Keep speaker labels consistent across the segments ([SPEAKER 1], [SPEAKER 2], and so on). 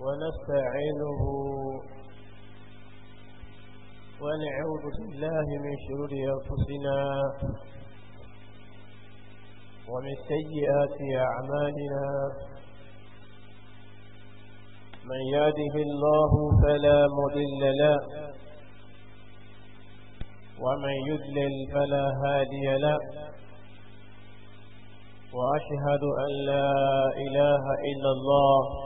[SPEAKER 1] ونستعينه ونعوذ بالله من شرور أنفسنا ومن سيئات أعمالنا من يهده الله فلا مضل له ومن يذلل فلا هادي له وأشهد أن لا إله إلا الله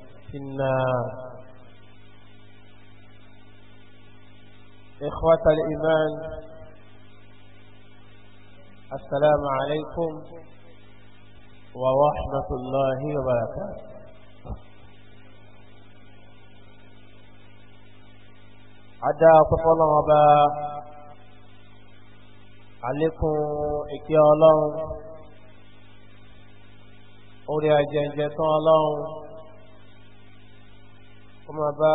[SPEAKER 1] في النار إخوة الإيمان السلام عليكم ورحمة الله وبركاته ada ọpọpọlọ ọba àlékún ìkẹ́ ọlọ́run orí ajẹ́jẹ́ tán ọlọ́run kọmọ bá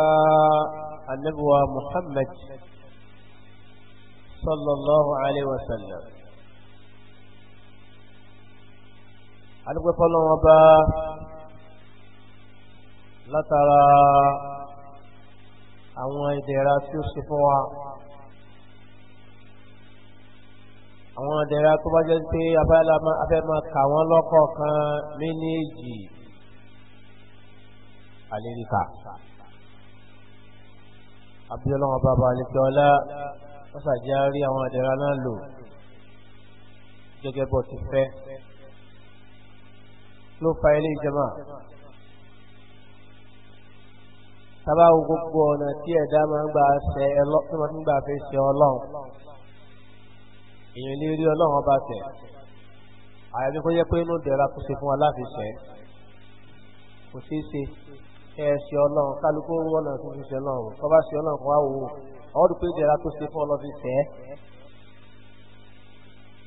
[SPEAKER 1] annabuwa muhammad sallallahu alaihi wasallam alúgbẹ́fọ́ lọ́wọ́ bá látara àwọn ìdẹ̀ra tí ó ṣe fún wa àwọn ìdẹ̀ra tó bá jẹ́ pé afẹ́ máa kà wọ́n lọ́kọ̀ọ̀kan méjì àléríkà abiyọlọ́wọ́ bàbá alẹ́kẹ́ọ́lá ọ̀sàjá rí àwọn àdẹ̀rà náà lò gẹ́gẹ́ bọ̀ ti fẹ́ ló fa ilé ìjọba sábàá gbogbo ọ̀nà tí ẹ̀dá máa ń gbà ṣe ọlọ́run èèyàn lè rí ọlọ́run ọba tẹ̀ àyàbí kó jẹ́ pé inú dẹ̀ra kó ṣe fún wa láti ṣẹ́ kò ṣeé ṣe ẹ̀ẹ́sì ọlọ́run kálukú wọn náà tó fi ṣe ọlọ́run tó bá ṣe ọlọ́run kó wá wò ó àwọn dùpẹ́ ìdẹ̀ra tó ṣe fún ọlọ́fi tẹ́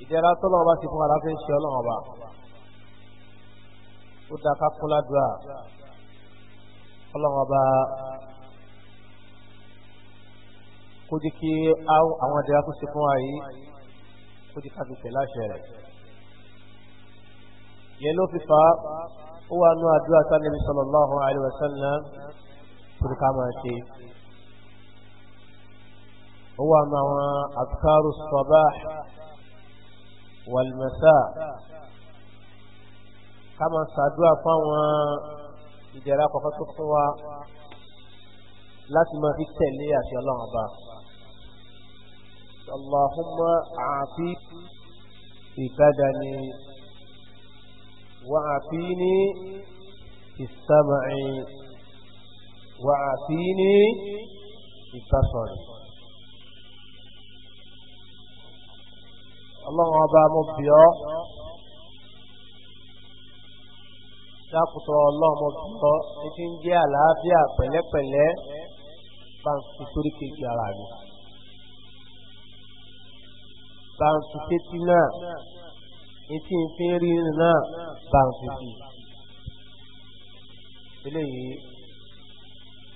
[SPEAKER 1] ìdẹ̀ra tó lọ́wọ́ bá ṣe fún aláfẹ́ ṣe ọlọ́run ọba ó da ká kún ládùúrà ọlọ́run ọba kó jẹ́ kí àwọn ìdẹ̀ra tó ṣe fún wa yìí kó jẹ́ ká fi tẹ̀ láṣẹ rẹ̀ yẹn ló fi fa ó wà nú àdúrà tí Ànábì sallallahu alaihi wasallam kúrú ká máa ṣe ó wà nú àwọn adkaru sabah wal masa ká máa ṣàdúrà fáwọn ìdẹ̀ra kọ̀ọ̀kan tó fún wa láti máa fi tẹ̀lé àti ọlọ́run ọba. اللهم أعطي بدني وعافيني في السمع وعافيني في البصر ọlọ́run ọba mo bì ọ́ dákùtọ̀ ọlọ́run mo bì ọ́ ní kí n jẹ́ àlàáfíà pẹ̀lẹ́pẹ̀lẹ́ ara mi bá ń náà etí ń fi rí náà bá ń fi sí eléyìí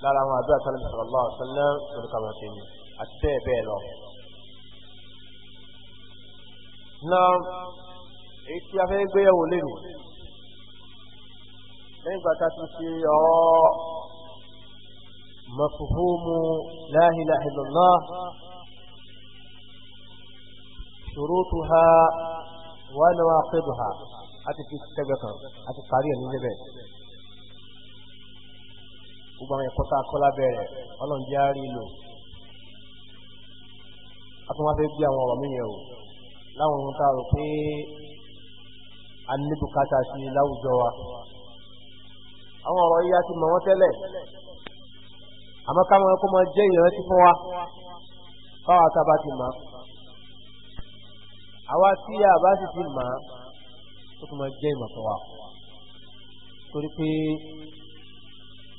[SPEAKER 1] lára àwọn àdúrà tó lọ́wọ́ sọ̀rọ̀ lọ́wọ́ sọ́lá lórí kàmá ṣe ni àti bẹ́ẹ̀ bẹ́ẹ̀ lọ. na èyí tí a fẹ́ gbéyàwó lénìí lẹ́yìn ìgbà tá a ti ṣe ọ̀rọ̀ mọ̀fùfúmu la ilaha illallah ṣurutuha wọ́n lọ́wọ́ àpẹ́bù ha àti fi sẹ́gbẹ̀ kan àti parí ẹ̀ níbẹ̀. gbogbo àwọn ẹ̀kọ́ tá a kọ́ lábẹ́rẹ̀ ọlọ́njẹ́ á rí lò. a tún wá fẹ́ gbé àwọn ọ̀rọ̀ mi yẹ̀ o láwọn ohun tá a rò pé a ní bùkátà sí láwùjọ wa. àwọn ọ̀rọ̀ yìí ti mọ̀ wọ́n tẹ́lẹ̀ àmọ́ káwọn ẹ̀kọ́ máa jẹ́ ìrántí fún wa báwa tá ti mọ̀ àwa tí a bá sì ti mà á ó tún máa jẹ́ ìmọ̀ fún wa torí pé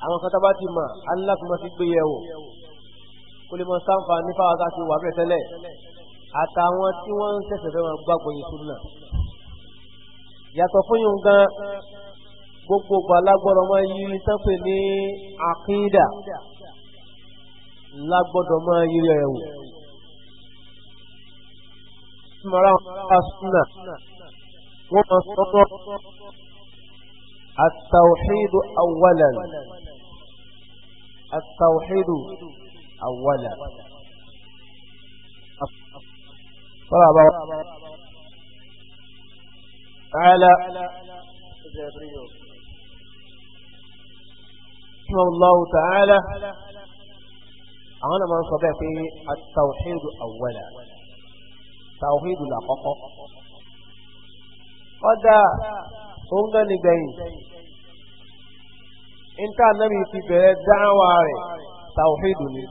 [SPEAKER 1] àwọn kan tá bá ti mà á ńlá tó máa ti gbé yẹ̀wò kó lè mọ sáǹfà ní fáwọn tá a ti wà bẹ́ẹ̀ tẹ́lẹ̀ àtàwọn tí wọ́n ń tẹ̀sẹ̀ fẹ́ wọn gbàgbọ́ yìí tún náà yàtọ̀ fún yìí gan gbogbo gbàlagbọ́dọ̀ máa yí sápè ní àkídà lágbọ́dọ̀ máa yí rẹ̀ wò. مرا اسنا التوحيد اولا التوحيد اولا صلى على جبريل الله تعالى انا ما صبيت التوحيد اولا tàwíìdù làkọ́kọ́ ọ̀dà òun gan ni gbẹ̀yìn níta nàbì ti bẹ̀rẹ̀ dáhàwá rẹ̀ tàwíìdù ni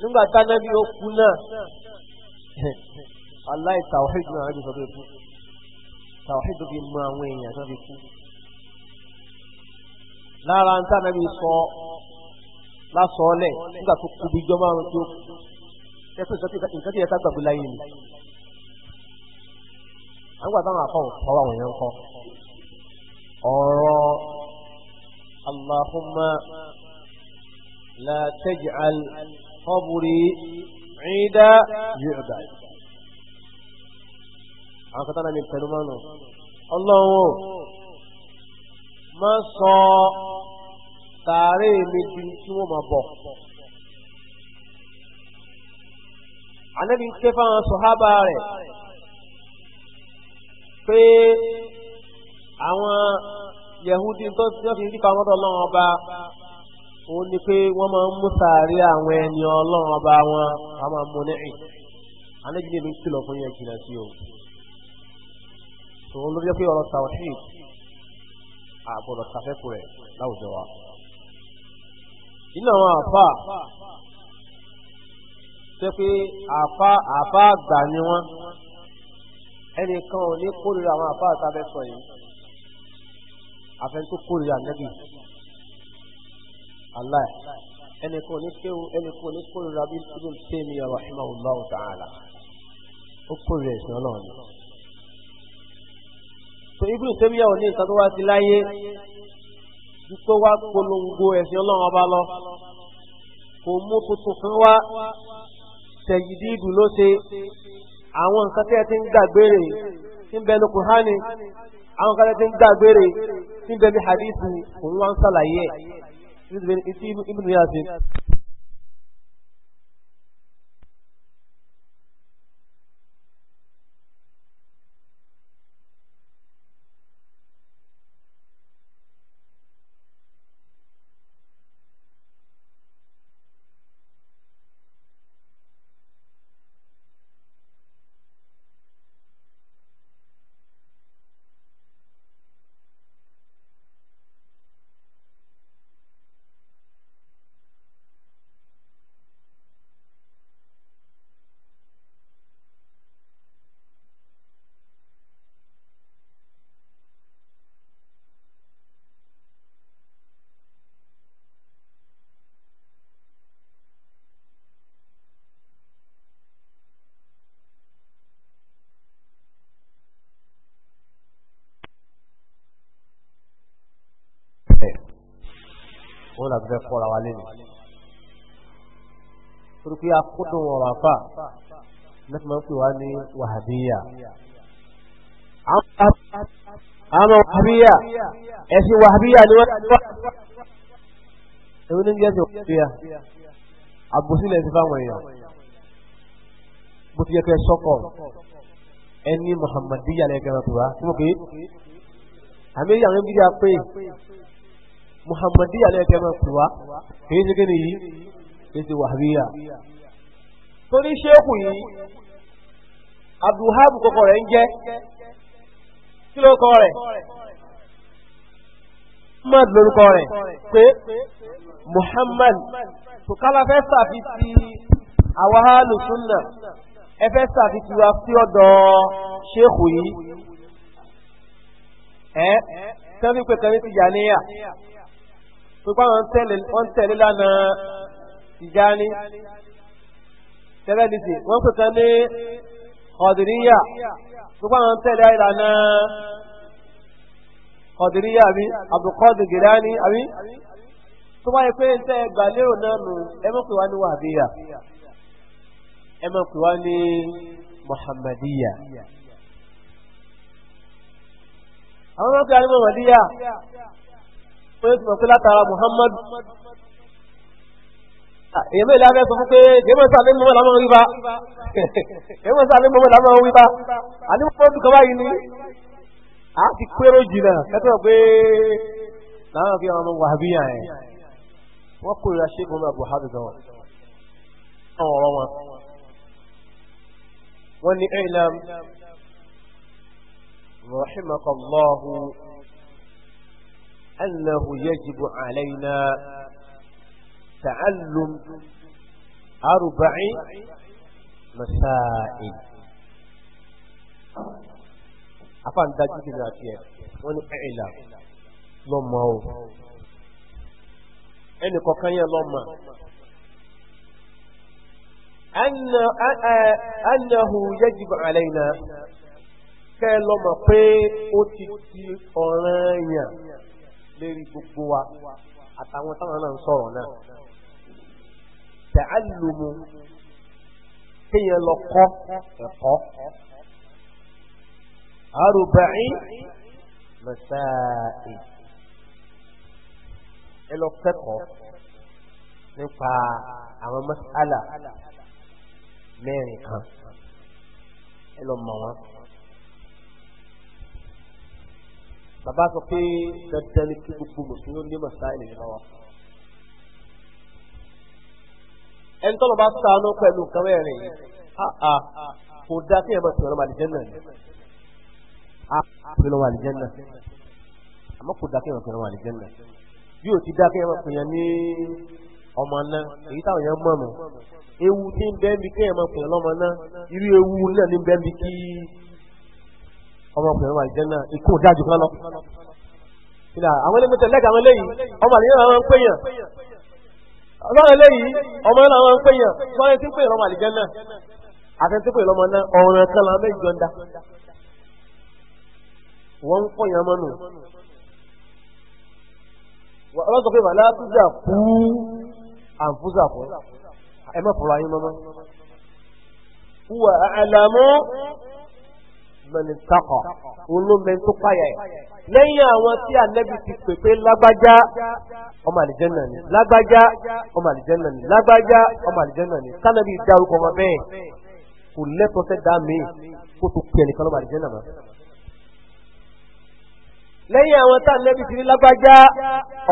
[SPEAKER 1] nígbà tánábì ó kú náà aláì tàwíìdù náà rẹ̀ sọ pé kú tàwíìdù fi mọ àwọn èèyàn tó fi lára níta nàbì sọ lásọọlẹ̀ nígbà tó kú bí jọmọ́ àrùn tó kú ṣẹ́pẹ́ nǹkan tí yẹ ká gbàgbé láyé ni àwọn àgbà máa kọ́ ọ̀pọ̀ àwọn èèyàn kọ́ ọ̀rọ̀ Allahumma la taj'al qabri 'ida yu'bad àwọn kan tánà ní pẹ̀lú mọ́nà ọlọ́run má sọ tààrí mi di tí wọ́n máa bọ̀ anabi ń ké fáwọn sọ̀hábà rẹ̀ pé àwọn yahudi tó fi ń dípa ọmọdé ọlọ́run ọba òun ni pé wọ́n máa ń mú sàárè àwọn ẹni ọlọ́run ọba wọn a máa mú níhìn anabi ní ìlú kìlọ̀ fún yẹn jìnnà sí o tòun ló jẹ́ pé ọ̀rọ̀ tàwọ̀ṣì àbọ̀dọ̀ tàfẹ́kù rẹ̀ láwùjọ wa. nínú àwọn àfà ṣe pé àfa àfa àgbà ni wọ́n ẹnìkan ò ní kórìíra àwọn àfa àtàbẹ sọ yìí àfẹnukó kórìíra nẹbì aláì ẹnìkan ò ní kéwu ẹnìkan ò ní kórìíra bí ibùdó tèmi rahimahullahu ta'ala ó kórìíra ẹsìn Ọlọ́run ni. tó ibùdó tèmi yà ò ní nǹkan tó wá sí láyé wípé wá polongo ẹsìn Ọlọ́run ọba lọ kò mú tuntun fún wa tẹ̀yìdìdù ló ṣe àwọn nǹkan tẹ́ ti ń gbàgbére ń bẹ ní kùhánì àwọn nǹkan tẹ́ ti ń gbàgbére ń bẹ ní hadithu òun wá ń sàlàyé ẹ̀ ibùdó yà sí. fẹ́ kọ́ra wa lẹ́nu torí pé akúndùn ọ̀rọ̀ àfà láti máa ń pè wá ní wàhábíyà àwọn wàhábíyà ẹ̀sìn wàhábíyà ni wọ́n ti wá ẹ̀wọ́n ní jẹ́ wàhábíyà àbòsílẹ̀ ti fáwọn èèyàn bó ti yẹ kẹ́ sọ́kọ̀ ẹni muhammadiyya lẹ́gẹ̀rẹ́ tó wá àmì ìyàwó ń bí i Muhammadi lẹ́ẹ̀kẹ́ máa pè wá kìí ṣe kíni yìí kìí ṣe wàhábíyà. tó ní ṣéèkù yìí abdulhab ń jẹ́ kí ló muhammad lórúkọ rẹ̀ pé muhammad tòkálà fẹ́ sàfi ti àwọn alùsùnà ẹ fẹ́ sàfi ti wá sí ọ̀dọ̀ ṣéèkù yìí ẹ tẹ́lifẹ̀ kan ní ti jà níyà pípa wọn tẹ̀lé lánàá Tijani tẹ́lẹ̀ nìsí wọ́n pè kan ní Qadiriyya pípa wọn tẹ̀lé lánàá Qadiriyya àbí Abdul Qadir Gilani àbí tó bá yẹ pé ń tẹ́ gbàlérò náà nù ẹ mọ̀ pé wá ní wàbíyà ẹ mọ̀ pé wá ní Muhammadiyya àwọn ọmọ pé wá ní Muhammadiyya wọ́n ti mọ̀ pé látara Muhammad ah, èyàn mẹ́lẹ̀ abẹ́ sọ fún pé èyàn mọ̀ sàlẹ̀ mọ́mọ́ làmọ́ wípa èyàn mọ̀ sàlẹ̀ mọ́mọ́ làmọ́ wípa àníwọ̀n tó kọ́ báyìí ni a ti kéré jìnnà kẹ́tọ́ pé láwọn bí ọmọ wàhábíyà yẹn wọ́n kó ṣe fún Abu Hamid wọn àwọn ọ̀rọ̀ wọn wọ́n ní ẹ̀lẹ́m rahimakallahu أنه يجب علينا تعلم أربع مسائل أفان داجي كنا وني إعلام لما هو أني كوكايا لما أن أنه يجب علينا كلما بي أوتي أورانيا lérí gbogbo wa àtàwọn táwọn náà ń sọ̀rọ̀ náà. Tàálùmù kéèyàn lọ kọ́ ẹ̀kọ́. Àrùbáyín mẹ́sàáì. Ẹ lọ kẹ́kọ̀ọ́ nípa àwọn mẹ́sàálà mẹ́rin kan. Ẹ lọ mọ̀ wọ́n. bàbá sọ pé dandan ni kí gbogbo mùsùlùmí ní mọ̀sáìlì yìí lọ́wọ́. ẹni tọ́lọ̀ bá sànú pẹ̀lú nǹkan mẹ́rin yìí àà kò dá kí ẹ máa sọ̀rọ̀ màlìjẹ́ náà ni a sọ̀rọ̀ màlìjẹ́ náà àmọ́ kò dá kí ẹ máa sọ̀rọ̀ màlìjẹ́ náà bí o ti dá kí ẹ máa sọ̀rọ̀ ní ọmọ náà èyí táwọn yẹn mọ̀ mọ̀ ewu tí ń bẹ́ẹ̀ bí kí ẹ máa sọ̀rọ̀ lọ́mọ náà irú ewu náà ní bẹ́ẹ̀ bí kí ọmọkùnrin wà jẹ́ náà ikú dájú kan lọ. ìlà àwọn eléyìí tẹ̀lé àwọn eléyìí ọmọ àlìyàn àwọn ń ọlọ́run eléyìí ọmọ náà àwọn ń pèyàn tí ń pèyàn ọmọ àlìjẹ́ náà àtẹ̀tí pèyàn ọmọ náà ń dá. wọ́n ń sọ pé fún من takọ olómẹni tó pààyà ẹ lẹ́yìn àwọn tí ànẹbi ti pèpè lágbájá ọmọ àlìjẹnà ni lágbájá الجنة. àlìjẹnà ni lágbájá ọmọ àlìjẹnà ni kánẹbi dárúkọ ọmọ bẹ́ẹ̀ kò lẹ́tọ̀ọ́ fẹ́ dá mi kó tó pè nìkan lọ́mọ àlìjẹnà mọ́. lẹ́yìn àwọn tá ànẹbi ti ní lágbájá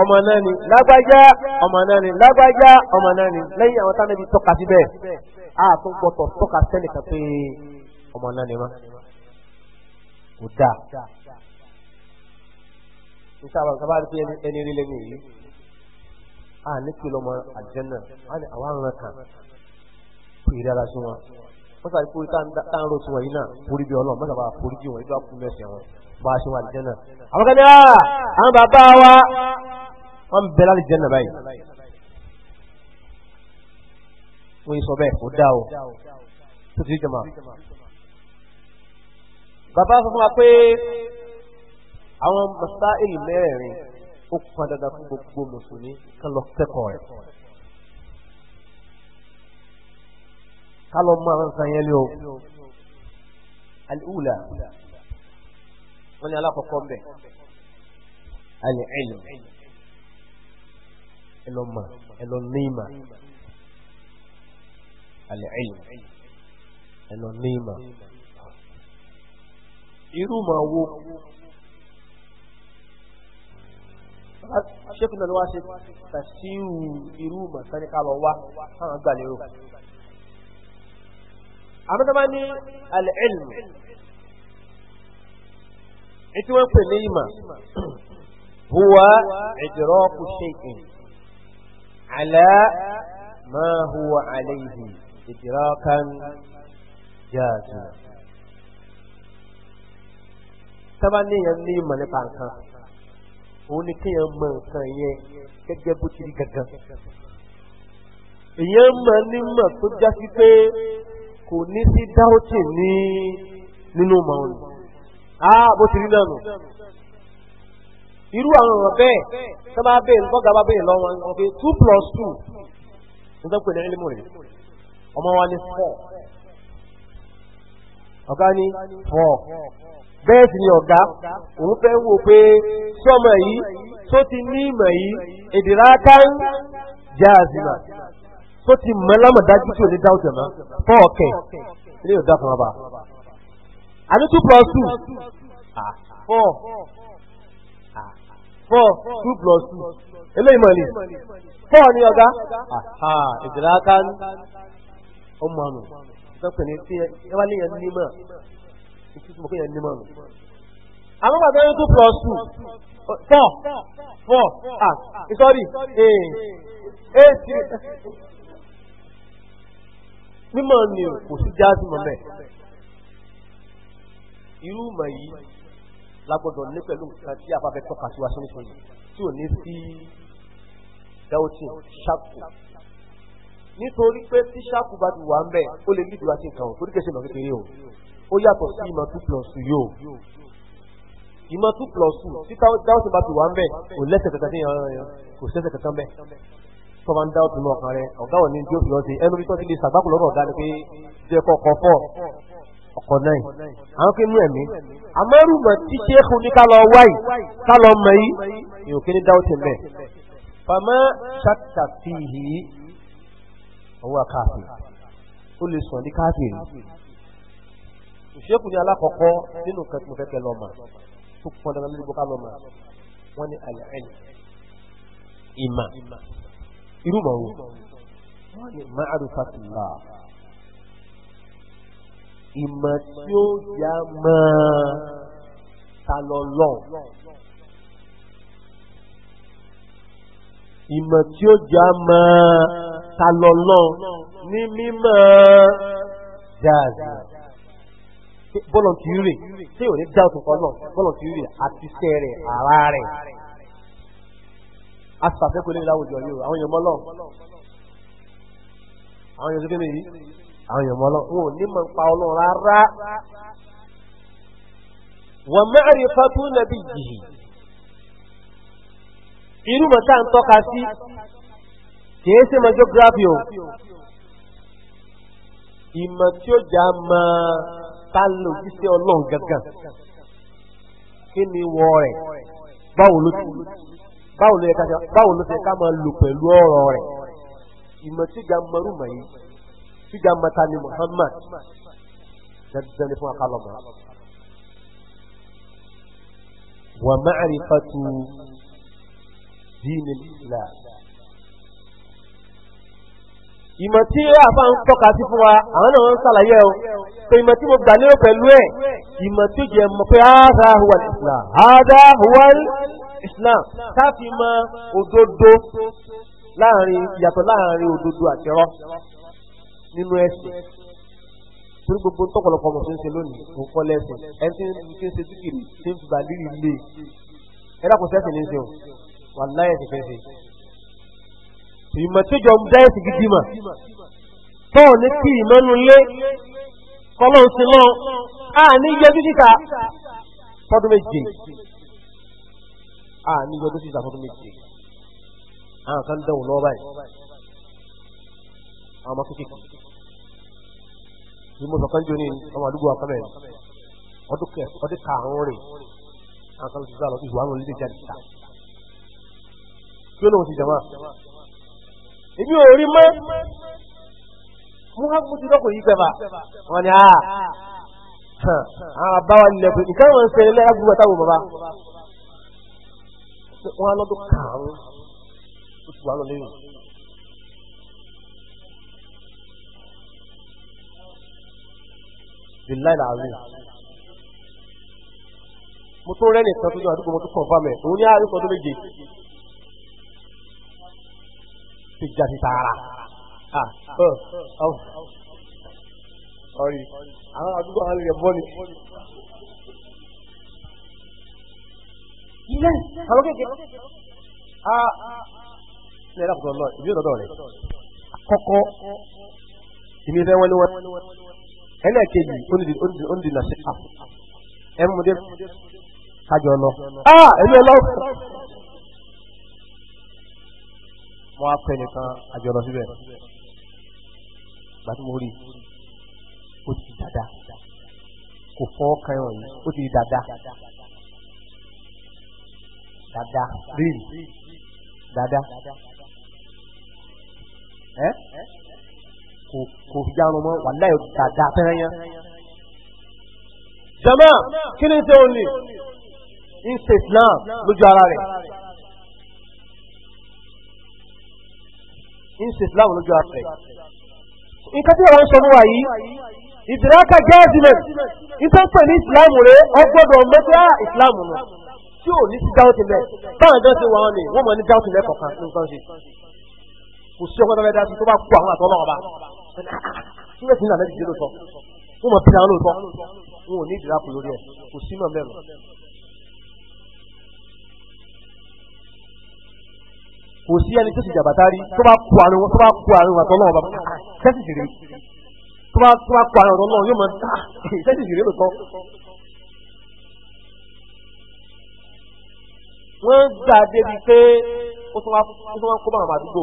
[SPEAKER 1] ọmọ náà ni lágbájá ọmọ náà ni lágbájá ọmọ náà ni lẹ́yìn àwọn tá ànẹbi tọ́ka síbẹ̀ àtúngbọ̀tọ̀ tọ́ka sẹ́nìkan pé ọmọ náà ni wọ́n kò dáa níta àwọn nǹkan bá rí pé ẹni rí lẹ́nu yìí a ní kí lọ́mọ àjẹ́nà a ní àwọn àrùn kan kò rí ara sí wọn wọ́n sáré kúrú tá ń ro tiwọn yìí náà forí bí ọlọ́run mọ́tàbà forí jì wọ́n ìjọ kú mẹ́sẹ̀ wọn bá a ṣe wà àjẹ́nà. àwọn kan ní à ah, àwọn bàbá wa wọ́n ń bẹ láti jẹ́nà báyìí wọ́n yìí sọ bẹ́ẹ̀ kò o tó ti jẹ́ mọ́ bàbá sọ fún wa pé àwọn masáìl mẹ́rin ó pọn dandan fún gbogbo mùsùlùmí kan lọ kẹ́kọ̀ọ́ rẹ̀ ká lọ mú àwọn nǹkan yẹn lé o aliwula wọn ni alakọkọ mbẹ ali ẹlò ẹlọmọ ẹlọnìmà ali ẹlò ẹlọnìmà irú mọ̀ wo ṣékùn náà ló wá ṣe tàṣírù irú mọ̀ sáníkà lọ wá fáwọn gbà lérò àmọ́tọ́mọ́ ní al-ilm ètí wọ́n pè ní ìmọ̀ huwa idraku shay'in ala ma huwa alayhi idrakan jazima sábà níyàn ní ìmọ̀ nípa nǹkan òun ni kéèyàn mọ nǹkan yẹn gẹ́gẹ́ bó ti rí gangan èèyàn mọ̀ nímọ̀ tó já sí pé kò ní sí dáwọ́tì ní nínú mọ̀ òun á bó ti rí náà nù irú àwọn ọ̀rọ̀ bẹ́ẹ̀ tó bẹ́ẹ̀ lọ́gà bá bẹ́ẹ̀ lọ́wọ́ wọn pé two plus two ní tó pè ní ẹlẹ́mù rẹ̀ ọmọ wa ní four ọ̀gá ní four bẹ́ẹ̀ sì ni ọ̀gá òun fẹ́ wò pé sọ́mọ yìí tó ti ní ìmọ̀ yìí èdèràká ń jẹ́ àzìmà tó ti mọ́ lámọ̀dájú tí ò ní dáhùn jẹ̀mọ́ fọ́ ilé ìdá fún ọba. àní two plus two four
[SPEAKER 2] four two plus two eléyìí mọ̀ ni four ni ọ̀gá èdèràká ń
[SPEAKER 1] ọmọ àmọ̀ sọ́kùnrin tí ẹ wá níyàn nímọ̀ ìtútùmọ̀ kéèyàn ní mọ́nu. àwọn bàbá yẹn tún plus two four four ah sorry eight mímọ̀ ni kò sí jáàsì mọ́ mẹ́ irú mọ̀ yìí lágbọ́dọ̀ ní pẹ̀lú nǹkan tí afáfẹ́ tọ́ka sí wa sínú sọ yìí tí ò ní sí dáwọ́tì ṣáàkù nítorí pé tí ṣáàkù bá ti wà ń bẹ̀ ó lè nídìí wá sí nǹkan ò torí kẹsì lọ kékeré o ó yàtọ̀ sí ìmọ̀ two plus two yóò ìmọ̀ two plus two tí dáwọ́sì bá ti wà ń bẹ̀ kò lẹ́sẹ̀ kẹta sí ìyàrá rẹ̀ kò sẹ́sẹ̀ kẹta ń bẹ̀ tó máa ń dáwọ́sì mọ́ ọ̀kan rẹ̀ ọ̀gá òní tí ó fi ọ̀sẹ̀ ẹnu bí tó ti lè sàgbákò lọ́rọ̀ ọ̀gá ni pé jẹ́ kọ́kọ́ fọ́ ọkọ̀ náà àwọn kí mú ẹ̀mí amẹ́rùmọ̀ tí ṣéèkù ní kálọ̀ wáì kálọ̀ mọ̀ yìí èèyàn kí ní dáwọ́sì mẹ́ fàmọ́ ṣàtàfihì ọwọ́ káàfì ó lè sàn ní káàfì ṣéèkù ní alákọ̀ọ́kọ́ nínú kan tí mo fẹ́ kẹ́ lọ mà tó pọn dandan lórí bóká lọ mà wọ́n ní àlẹ́ ìmà irú mọ̀ wo wọ́n ní ma'arifatillah ìmọ̀ tí ó yá máa ta ìmọ̀ tí ó já máa ta lọ ní mímọ̀ jáàzì bọ́lọ̀ ti rí rè tí ò ní dá òtún kan náà bọ́lọ̀ ti rí rè àti sẹ́ rẹ̀ ara rẹ̀. a sì pàṣẹ kò lè láwùjọ yìí o àwọn èèyàn mọ́lọ́ àwọn èèyàn sókè nìyí àwọn èèyàn mọ́lọ́ wọn ò ní mọ̀ pa ọlọ́run rárá. wọ́n mẹ́rin fatú nàbí yìí irú mọ̀tá ń tọ́ka sí kìí ṣe mọ geography o ìmọ̀ tí ó jà máa ta ló jíṣẹ́ ọlọ́run gangan kí ni wọ rẹ̀ báwo ló ti báwo ló yẹ ká báwo ló yẹ ká máa lò pẹ̀lú ọ̀rọ̀ rẹ̀ ìmọ̀ tí ga mọ̀rú mọ̀ yìí tí ga ni Muhammad dandan ni fún akálọ̀ wa ma'rifatu dinil Islam ìmọ̀ tí àfà ń tọ́ka sí fún wa àwọn náà ń sàlàyé ọ pé ìmọ̀ tí mo gbà lérò pẹ̀lú ẹ̀ ìmọ̀ tí ó jẹ mọ̀ pé áádá huwal islam áádá huwal islam káfí mọ òdodo láàrin ìyàtọ̀ láàrin òdodo àtẹ̀rọ nínú ẹ̀sìn torí gbogbo tọ́pọ̀lọpọ̀ ọmọ tó ń ṣe lónìí òun kọ́ lẹ́sìn ẹni tí ń fi ṣe síkìrì tí ń fi bàlírì lé ẹ dákun sẹ́sìn ní ṣe o wà láyé ẹ̀sìn fẹ́ ṣe ìmọ̀ tí ó jọ dá ẹ̀sìn gidi mà tọ́ ní kí ìmọ̀nú lé kọlọ́n sí lọ́n a ní yọjú síta fọdún méje a ní yọjú síta fọdún méje àwọn kan dẹ̀wò lọ́wọ́ báyìí àwọn ọmọ kékeré bí mo sọ kan jọ ní ọmọ àdúgbò àkàmẹ́ ọdún karùn-ún rè àwọn kan lọ sí sáà lọ sí ìwà àwọn olùdíje àdìsá kí ó lóun ti jẹ èmi ò rí mọ́ mú wá mú ti lọ́kùnrin gbẹ̀fà wọn ni àá àwọn àbáwá nílẹ̀ pé nǹkan wọn ń ṣe lẹ́yà gbogbo àtàwọn bàbá wọn lọ́dún karùn-ún oṣù wa lọ lẹ́yìn. billahi alazim mo tún rẹ́ nìkan tó jọ àdúgbò mo tún kọ̀ọ̀fà mẹ́ òun ní àárín kan tó méje ti jáde tààrà. ọ̀rí àwọn àdúgbò àwọn ènìyàn bọ́ ni.
[SPEAKER 2] ilé àwọn kéèké
[SPEAKER 1] a ah, ní ẹ̀rọ àkùtọ̀ lọ ìbí ọ̀dọ̀ rẹ̀ àkọ́kọ́ ìbí fẹ́ wọ́n ní wọ́n ẹlẹ́ẹ̀kejì ó ní di nàṣẹ́ ẹ̀ mú dé kájọ lọ. Ah, ẹ̀mí ọlọ́run mo á pẹ́ nìkan àjọlọ síbẹ̀ gbàtí mo rí ó ti dada kò fọ́ kan yìí ó ti dada dada rírì dada ẹ kò kò fi jáwọn mọ wàlá yóò dada fẹ́rẹ́ yẹn.
[SPEAKER 3] jama kí ni ṣe òní ń ṣe Islam lójú ara rẹ̀.
[SPEAKER 1] ń ṣe islam lójú afẹ́ nǹkan tí wọ́n ń sọ níwà yìí ìdìrákà jẹ́ẹ̀dìmẹ̀ nítorí pẹ̀lú islam rẹ̀ ọgbọ́dọ̀ mẹ́tẹ́ ah, islam nù tí ò ní sí dáwọ́tì lẹ̀ báwọn ẹjọ́ ti wà wọn ni wọ́n mọ̀ ní dáwọ́tì lẹ̀ kọ̀ọ̀kan ní nǹkan ṣe kò sí ọgbọ́dọ̀ mẹ́ta tó bá kú àwọn àtọ́lọ́ ọba síbẹ̀ sí nàlẹ́ ìdílé lóòótọ́ wọ́n mọ̀ bí àwọn lóòótọ́ wọn ò ní ìdìrákù lórí ẹ̀ kò sí náà mẹ́rin kò sí ẹni tó ti jàbàtà rí tó bá kó àrùn tó bá kó àrùn àtọ́ náà bàbá sẹ́sì sì tó bá tó bá kó àrùn àtọ́ náà yóò máa dá sẹ́sì sì rí wọ́n gbà débi pé ó tún wá kó bàbá àdúgbò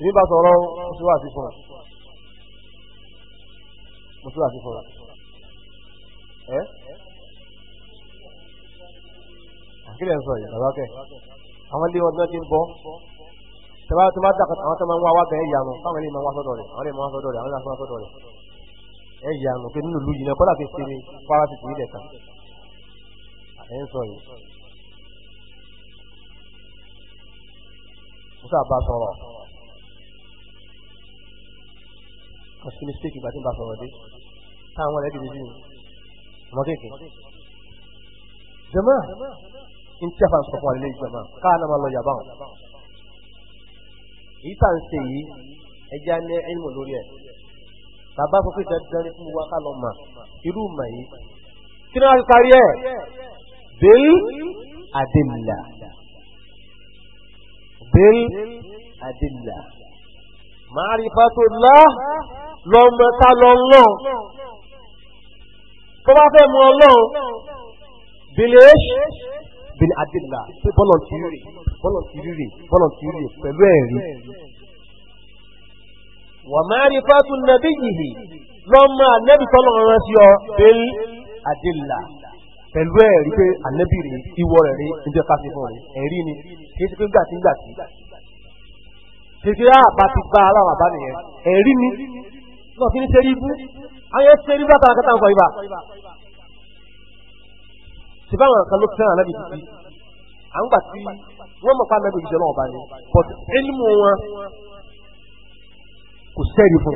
[SPEAKER 1] èmi bá sọ̀rọ̀ ó sì wá sí fúnra mo sì wá sí fúnra ẹ́. kílẹ̀ ń sọ yìí bàbá kẹ àwọn ilé ọdún ti ń bọ́ tẹ́lá tó máa dàkọ̀ àwọn tó máa ń wá wá bẹ̀ ẹ́ yanu káwọn ilé máa wá sọ́dọ̀ rẹ̀ àwọn ilé máa wá sọ́dọ̀ rẹ̀ àwọn ilé máa wá sọ́dọ̀ rẹ̀ ẹ̀ yanu pé nínú ìlú yìí náà kọ́lá fi ṣe ni kwara ti tìí lẹ̀ka ẹ̀ ń sọ yìí. musa bá sọ̀rọ̀ kọ́sí mistake ìgbà tí ń bá sọ̀rọ̀ dé táwọn ẹ̀dínlẹ́dínlẹ́ ọmọ kéèké ń tí a fa sọ fún wa nílé ìjọba káàná máa lọ yàbá wọn. èyí tá à ń ṣe yìí ẹja ní ẹ̀yìnmọ̀ lórí ẹ̀ bàbá sọ pé dandan fún wa ká lọ mà irú mà yìí kí ni a ti parí ẹ̀ bil adilla bil adilla ma'rifatullah lọ́mọ tá lọ lọ tó bá fẹ́ mú ọlọ́run bilesh bíi adìlá pé bọ́lọ̀ ti rírì bọ́lọ̀ ti rírì bọ́lọ̀ ti rírì pẹ̀lú ẹ̀rí. wa ma'rifatu nabiyyihi lọ́mọ ànábì tọ́lọ̀ rán sí ọ bíi adìlá pẹ̀lú ẹ̀rí pé ànábì rè ìwọ rẹ̀ rí níjẹ́ ká fi fún rẹ̀ ẹ̀rí ni kì í ṣe pé gbàtí gbàtí kìkì àbá ah, ti gba aláwọ̀ àbá nìyẹn ẹ̀rí ni lọ́ọ̀kì ní sẹ́rí ibú ayé sẹ́rí bàtà kẹta ń sọ ibà ṣe báwọn kan ló fẹ́ràn anábì títí à ń gbà tí wọ́n mọ̀ pa anábì ìjọ náà ọba ni but ẹnimu wọn kò sẹ́ẹ̀rì fún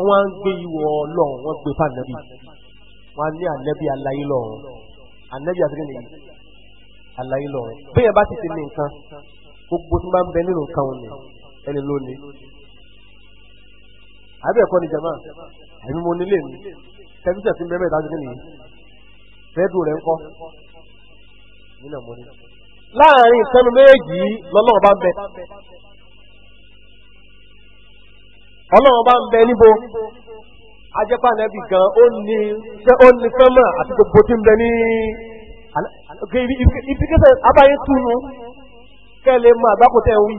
[SPEAKER 1] un wọ́n á ń gbé ìwọ ọlọ́run wọ́n gbé fún anábì wọ́n á ní anábì aláyé lọ́run anábì àti nìyí aláyé lọ́run bẹ́ẹ̀ bá ti ní nǹkan gbogbo tí wọ́n bẹ nínú nǹkan òun ni ẹni lónìí àbẹ̀ẹ̀kọ́ ni jama àbí mo nílé mi tẹ́lifíṣà ti ń bẹ́ẹ̀ bẹ́ẹ̀ dájú nìyí bẹ́ẹ̀dù rẹ̀ ń kọ́ nínà mọ́ ní. láàrin ìsẹ́nu méjì lọ́lọ́run bá ń bẹ ọlọ́run bá ń bẹ níbo ajẹ́pá nẹ́bì gan ó ní sẹ́mọ̀ àti gbogbo tí ń bẹ ní ìfikẹ́sẹ̀ abáyé túnú
[SPEAKER 2] kẹ́lẹ̀ mọ́ àgbákòtẹ́ wí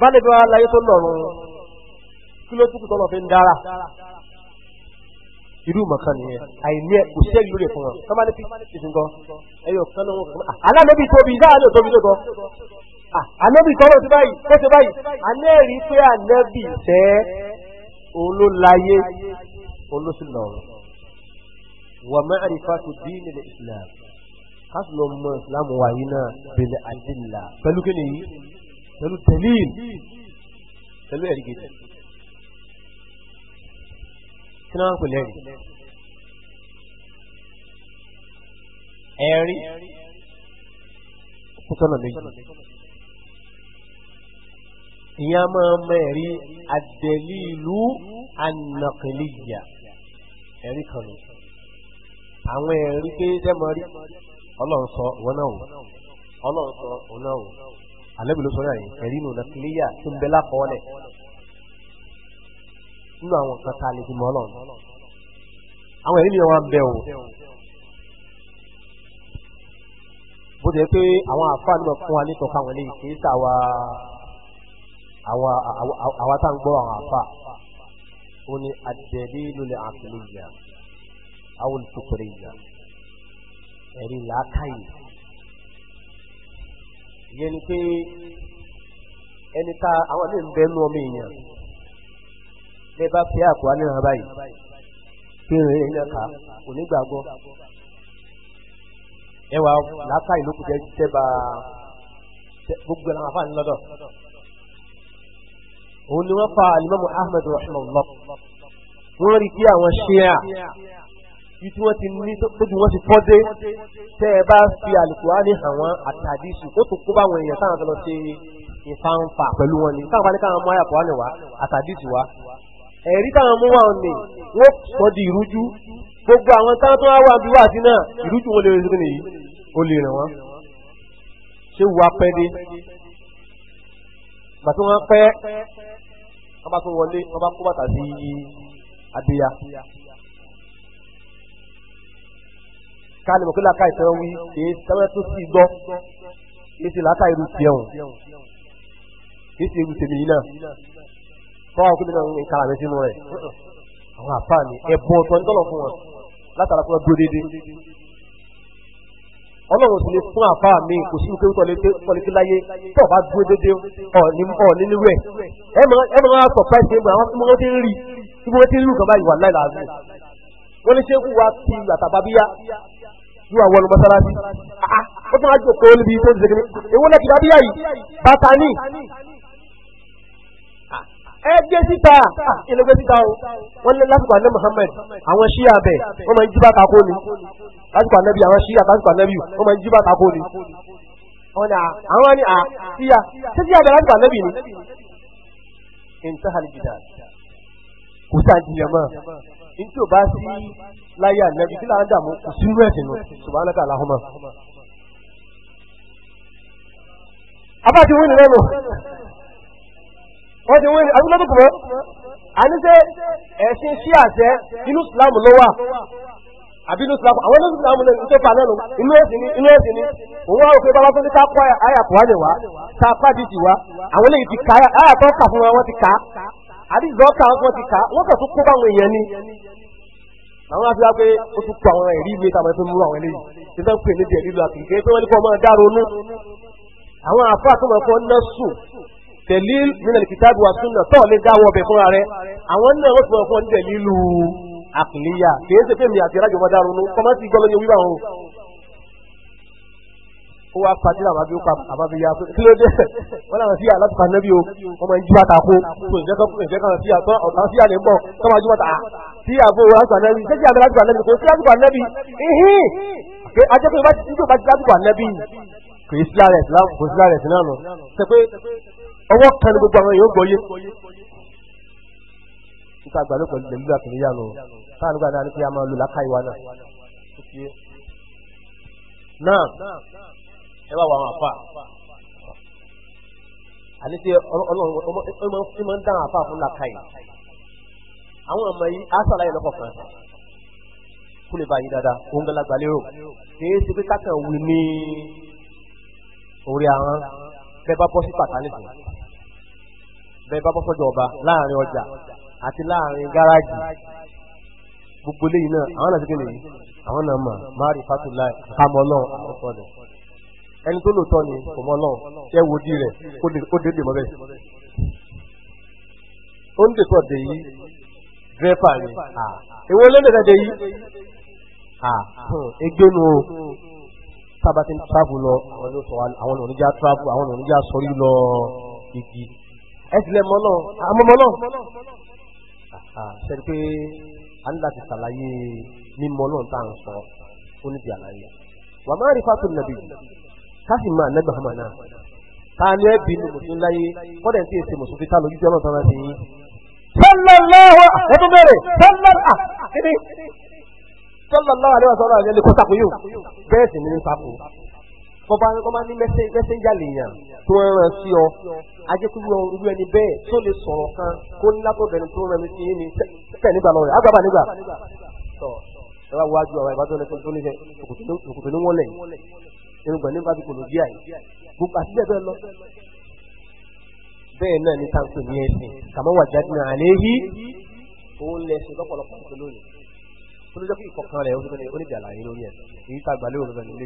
[SPEAKER 1] bá lè bá láyé tó lọ́rùn kí ló túkù tọ́lọ̀ fi ń dára irú mọ̀kan nìyẹn àìní ẹ kò sẹ́yìn lórí fún wọn sọ́mọ́lé fi ìsìn gan ẹyọ kan náà wọn kàn án. Ah, alábẹ́bí tóbi dáhà ló tóbi lóko anábì kan ló ti báyìí tó ti báyìí anẹ́rìí pé anábì tẹ́ òun ló láyé òun ló sì lọ́rùn. wà mẹ́rin fásitì dín ní islam káàsì lọ mọ islam wàyí náà bẹ̀rẹ̀ àdìlà pẹ̀lú kí ni yìí pẹ̀lú tẹ̀lé pẹ̀lú ẹ̀rí gidi kí náà pè lẹ́rìí ẹ̀rí kútọ́nà méjì ìyá máa mẹ́rí àdẹ̀lílù ànàkìlìyà ẹ̀rí kan ní àwọn ẹ̀rí pé sẹ́mọ́rí ọlọ́run sọ wọn náà wò ọlọ́run sọ wọn náà wò alẹ́bìlú sọ náà ẹ̀rí nù nàkìlìyà tó ń bẹ lákọọ́lẹ̀ nínú àwọn kan tá a lè fi mọ́ ọlọ́run àwọn ẹ̀rí mi wọn bẹ̀ o bó ti yẹ pé àwọn àfáà náà fún wa nítorí káwọn eléyìí kì í sàwa àwa tá à ń gbọ́ àwọn àfáà ó ní ad-dalilu al-aqliyya aw al-fikriyya ẹ̀rí làákàyè ìyẹn ni pé ẹni ká àwọn ilé bẹ́ẹ̀ nú ọmọ èèyàn bẹ́ẹ̀ bá fi àkùrá náà báyìí fi rìn iná ká onígbàgbọ́ ẹwà làákà ìlókù jẹ́ tẹ́ba gbogbo àwọn afáàní lọ́dọ̀ òun ni wọ́n fa alimami ahmed rahimahullah wọ́n rí bí àwọn ṣíà bí tí wọ́n ti ní tóbi wọ́n ti fọ́ dé tẹ́ ẹ bá fi àlùkùránì àwọn àtàdísù ó tún kó báwọn èèyàn táwọn fẹ́ ṣe ìfanfà pẹ̀lú wọn ni táwọn bá káwọn mú àyàkùránì wá àtàdísù wá ẹ̀rí táwọn mú wọn ni wọ́n sọ di ìrújú gbogbo àwọn táwọn tó wá bí wà sí náà ìrújú wọn lè rí sí nìyí ó lè ràn wọ́n ṣé wà pẹ́ dé bàtí wọ́n pẹ́ wọ́n bá tún wọlé wọ́n bá kó bàtà sí adéyà káàlì mọ̀kílá ká ìtẹ́ wí èyí sẹ́wọ́n tó sì gbọ́ èyí sì látà irú tiẹ̀ hùn èyí sì irú tèmi yìí náà kọ́wọ́ kí nínú ìkàrà rẹ̀ sínú rẹ̀ àwọn àfáà ni ẹ̀bùn ọ̀tọ̀ nítọ́lọ̀ fún wọn látara fún ọdún dédé ọlọ́run sì ni fún àfáà mi kò sí pé tọ́lẹ́kí láyé tó bá dúró dédé ọ̀ nínú rẹ̀ ẹ máa sọ pé ṣe àwọn tí wọ́n ti ń rí tí wọ́n ti ń rú kan báyìí wà láì láàbù wọ́n ní ṣé wà ti àtàbàbíyá yóò àwọn ọlọmọsára sí ó tún á jòkó níbi tó ń ṣe kí ni èwo lẹ́kìdábíyá yìí bàtà ní ẹ gbé síta ah, ilé gbé síta o wọn lé lásìkò àná Muhammad àwọn ṣíà bẹ wọn máa ń jí bàtà kó ni lásìkò ànábì àwọn ṣíà lásìkò ànábì wọn máa ń jí bàtà kó ni.
[SPEAKER 2] Ah, àwọn ni àwọn ni à ṣíà ṣé ṣíà bẹ lásìkò ànábì ni.
[SPEAKER 1] ìntàhàlì jìdá kò sí àjìyàn mọ́ ntí o bá sí láyé ànábì kí láwọn dààmú kò sí inú ẹ̀sìn nù subhanaka Allahumma. abájú wọn ni lẹ́nu wọ́n ti wọ́n ní adúlọ́dún kùmọ́ àníṣe ẹ̀sìn sí àṣẹ inú ìsìlámù ló wà àbí inú ìsìlámù àwọn inú ìsìlámù lè tó pa lẹ́nu inú ẹ̀sìn ni inú ẹ̀sìn ni òun wá òfin bàbá tó ní káàkó àyàkùn wálé wá káàkó àdìsí wá àwọn eléyìí ti ká àyàtọ̀ kà fún wọn ti ká àdìsí lọ́ọ́ ká wọn ti ká wọ́n kàn tún kó báwọn èèyàn ni àwọn afi wápé ó tún kó àwọn ẹ̀rí ìwé táwọn ẹ̀fẹ́ mú àwọn eléyìí tí wọ́n pè àwọn àfáà tó fọ́ nọ́ọ̀sù tẹ̀lé nínú ìkìtàbí wa súnà tọ́ lè dá wọn ọbẹ̀ fúnra rẹ̀ àwọn náà ó fún ọkọ̀ nílẹ̀ nílù àkìlíyà kìí ṣe fẹ́mi àti ìrájọ ọmọdé arúnú kọ́mọ́ sí gbọ́mọ́ ní wíwá wọn. ó wá pàdé àwọn abiyó pa àbábí ya kí ló dé wọn làwọn sí aláàbùkà nẹ́bí o ọmọ ẹni jíwá ta kó tó ìjẹ́ kan sí àtọ́ ọ̀tá sí àlẹ́ bọ̀ tó máa jíwá ta sí àbò ọwọ́ kan ní gbogbo àwọn èèyàn gbọ́yé níta àgbà ló pẹ̀lú ìlú àkìlẹ̀ yànnà táà nígbà náà ní kí a máa lò láká ìwà náà náà ẹ wá wà wọn àfà àní tí ọlọ́run tí máa ń dáhùn àfà fún láká yìí àwọn ọmọ yìí á sàlàyé lọ́kọ̀ọ̀kan kó lè bá yìí dáadáa òun gbẹ lágbà lérò kì í ṣe pé kákan wù ní orí àwọn bẹ́ẹ̀ bá bọ́ sí pàtàkì nìkan bẹ́ẹ̀ bá bọ́ sọ́jọ́ ọba láàrin ọjà àti láàrin gáràjì gbogbo lẹ́yìn náà àwọn náà ti kéde yìí àwọn náà mà má rí fatu láì àmọ́ ọlọ́run àkọ́kọ́ rẹ̀ ẹni tó lòótọ́ ni kò mọ ọlọ́run ẹ wo di rẹ̀ ó dédé mọ́ bẹ́ẹ̀. ó ń dèkọ̀ dè yìí dírẹ́pà ni èwo ló ń dèkọ̀ dè yìí egbénu o tábà ti ń travel lọ àwọn oníjà travel àwọn oníjà sọrí lọ igi ẹsìlẹ̀ mọ́nà amọ́mọ́nà ṣẹ́ni pé a ní láti ṣàlàyé mímọ́ náà tá à ń sọ ó níbi àlàyé wà máa rí fàtó nàbí káfí máa nẹ́gbà hàn náà ta ni ẹbí ni mùsùlùmí láyé kọ́dẹ̀ tí èsì mùsùlùmí tá lójú jọ́nà tọ́lá sí yín. sallallahu ọdún mẹ́rẹ̀ sallallahu sallallahu àdéhùn sọ́lá àdéhùn kó sàkóyò bẹ́ẹ̀ sì ní sàkóyò kọba kọba ní mẹsẹńjà lèèyàn tó ń ràn sí ọ ajẹkùlù ọrùlù ẹni bẹ́ẹ̀ tó lè sọ̀rọ̀ kan kó ní látọbẹni tó ràn mí sí mi tẹ nígbà lọrẹ agbábà nígbà tọ ẹ wá wájú àwọn ìbátan ẹni tó níṣẹ́ òkùnkùn ní wọn lẹ ẹnu gbọ̀n nípa kò ló bí àyè gbogbo àti bẹ́ẹ̀ bẹ́ẹ̀ lọ. bẹ́ẹ̀ náà ní tàǹtò ní ẹsìn kàmọ́ wà jáde náà àléhí òun lẹsìn lọ́pọ̀lọpọ̀ tó lónìí tó ló jẹ́ kí ìkọ̀kan rẹ̀ ó ní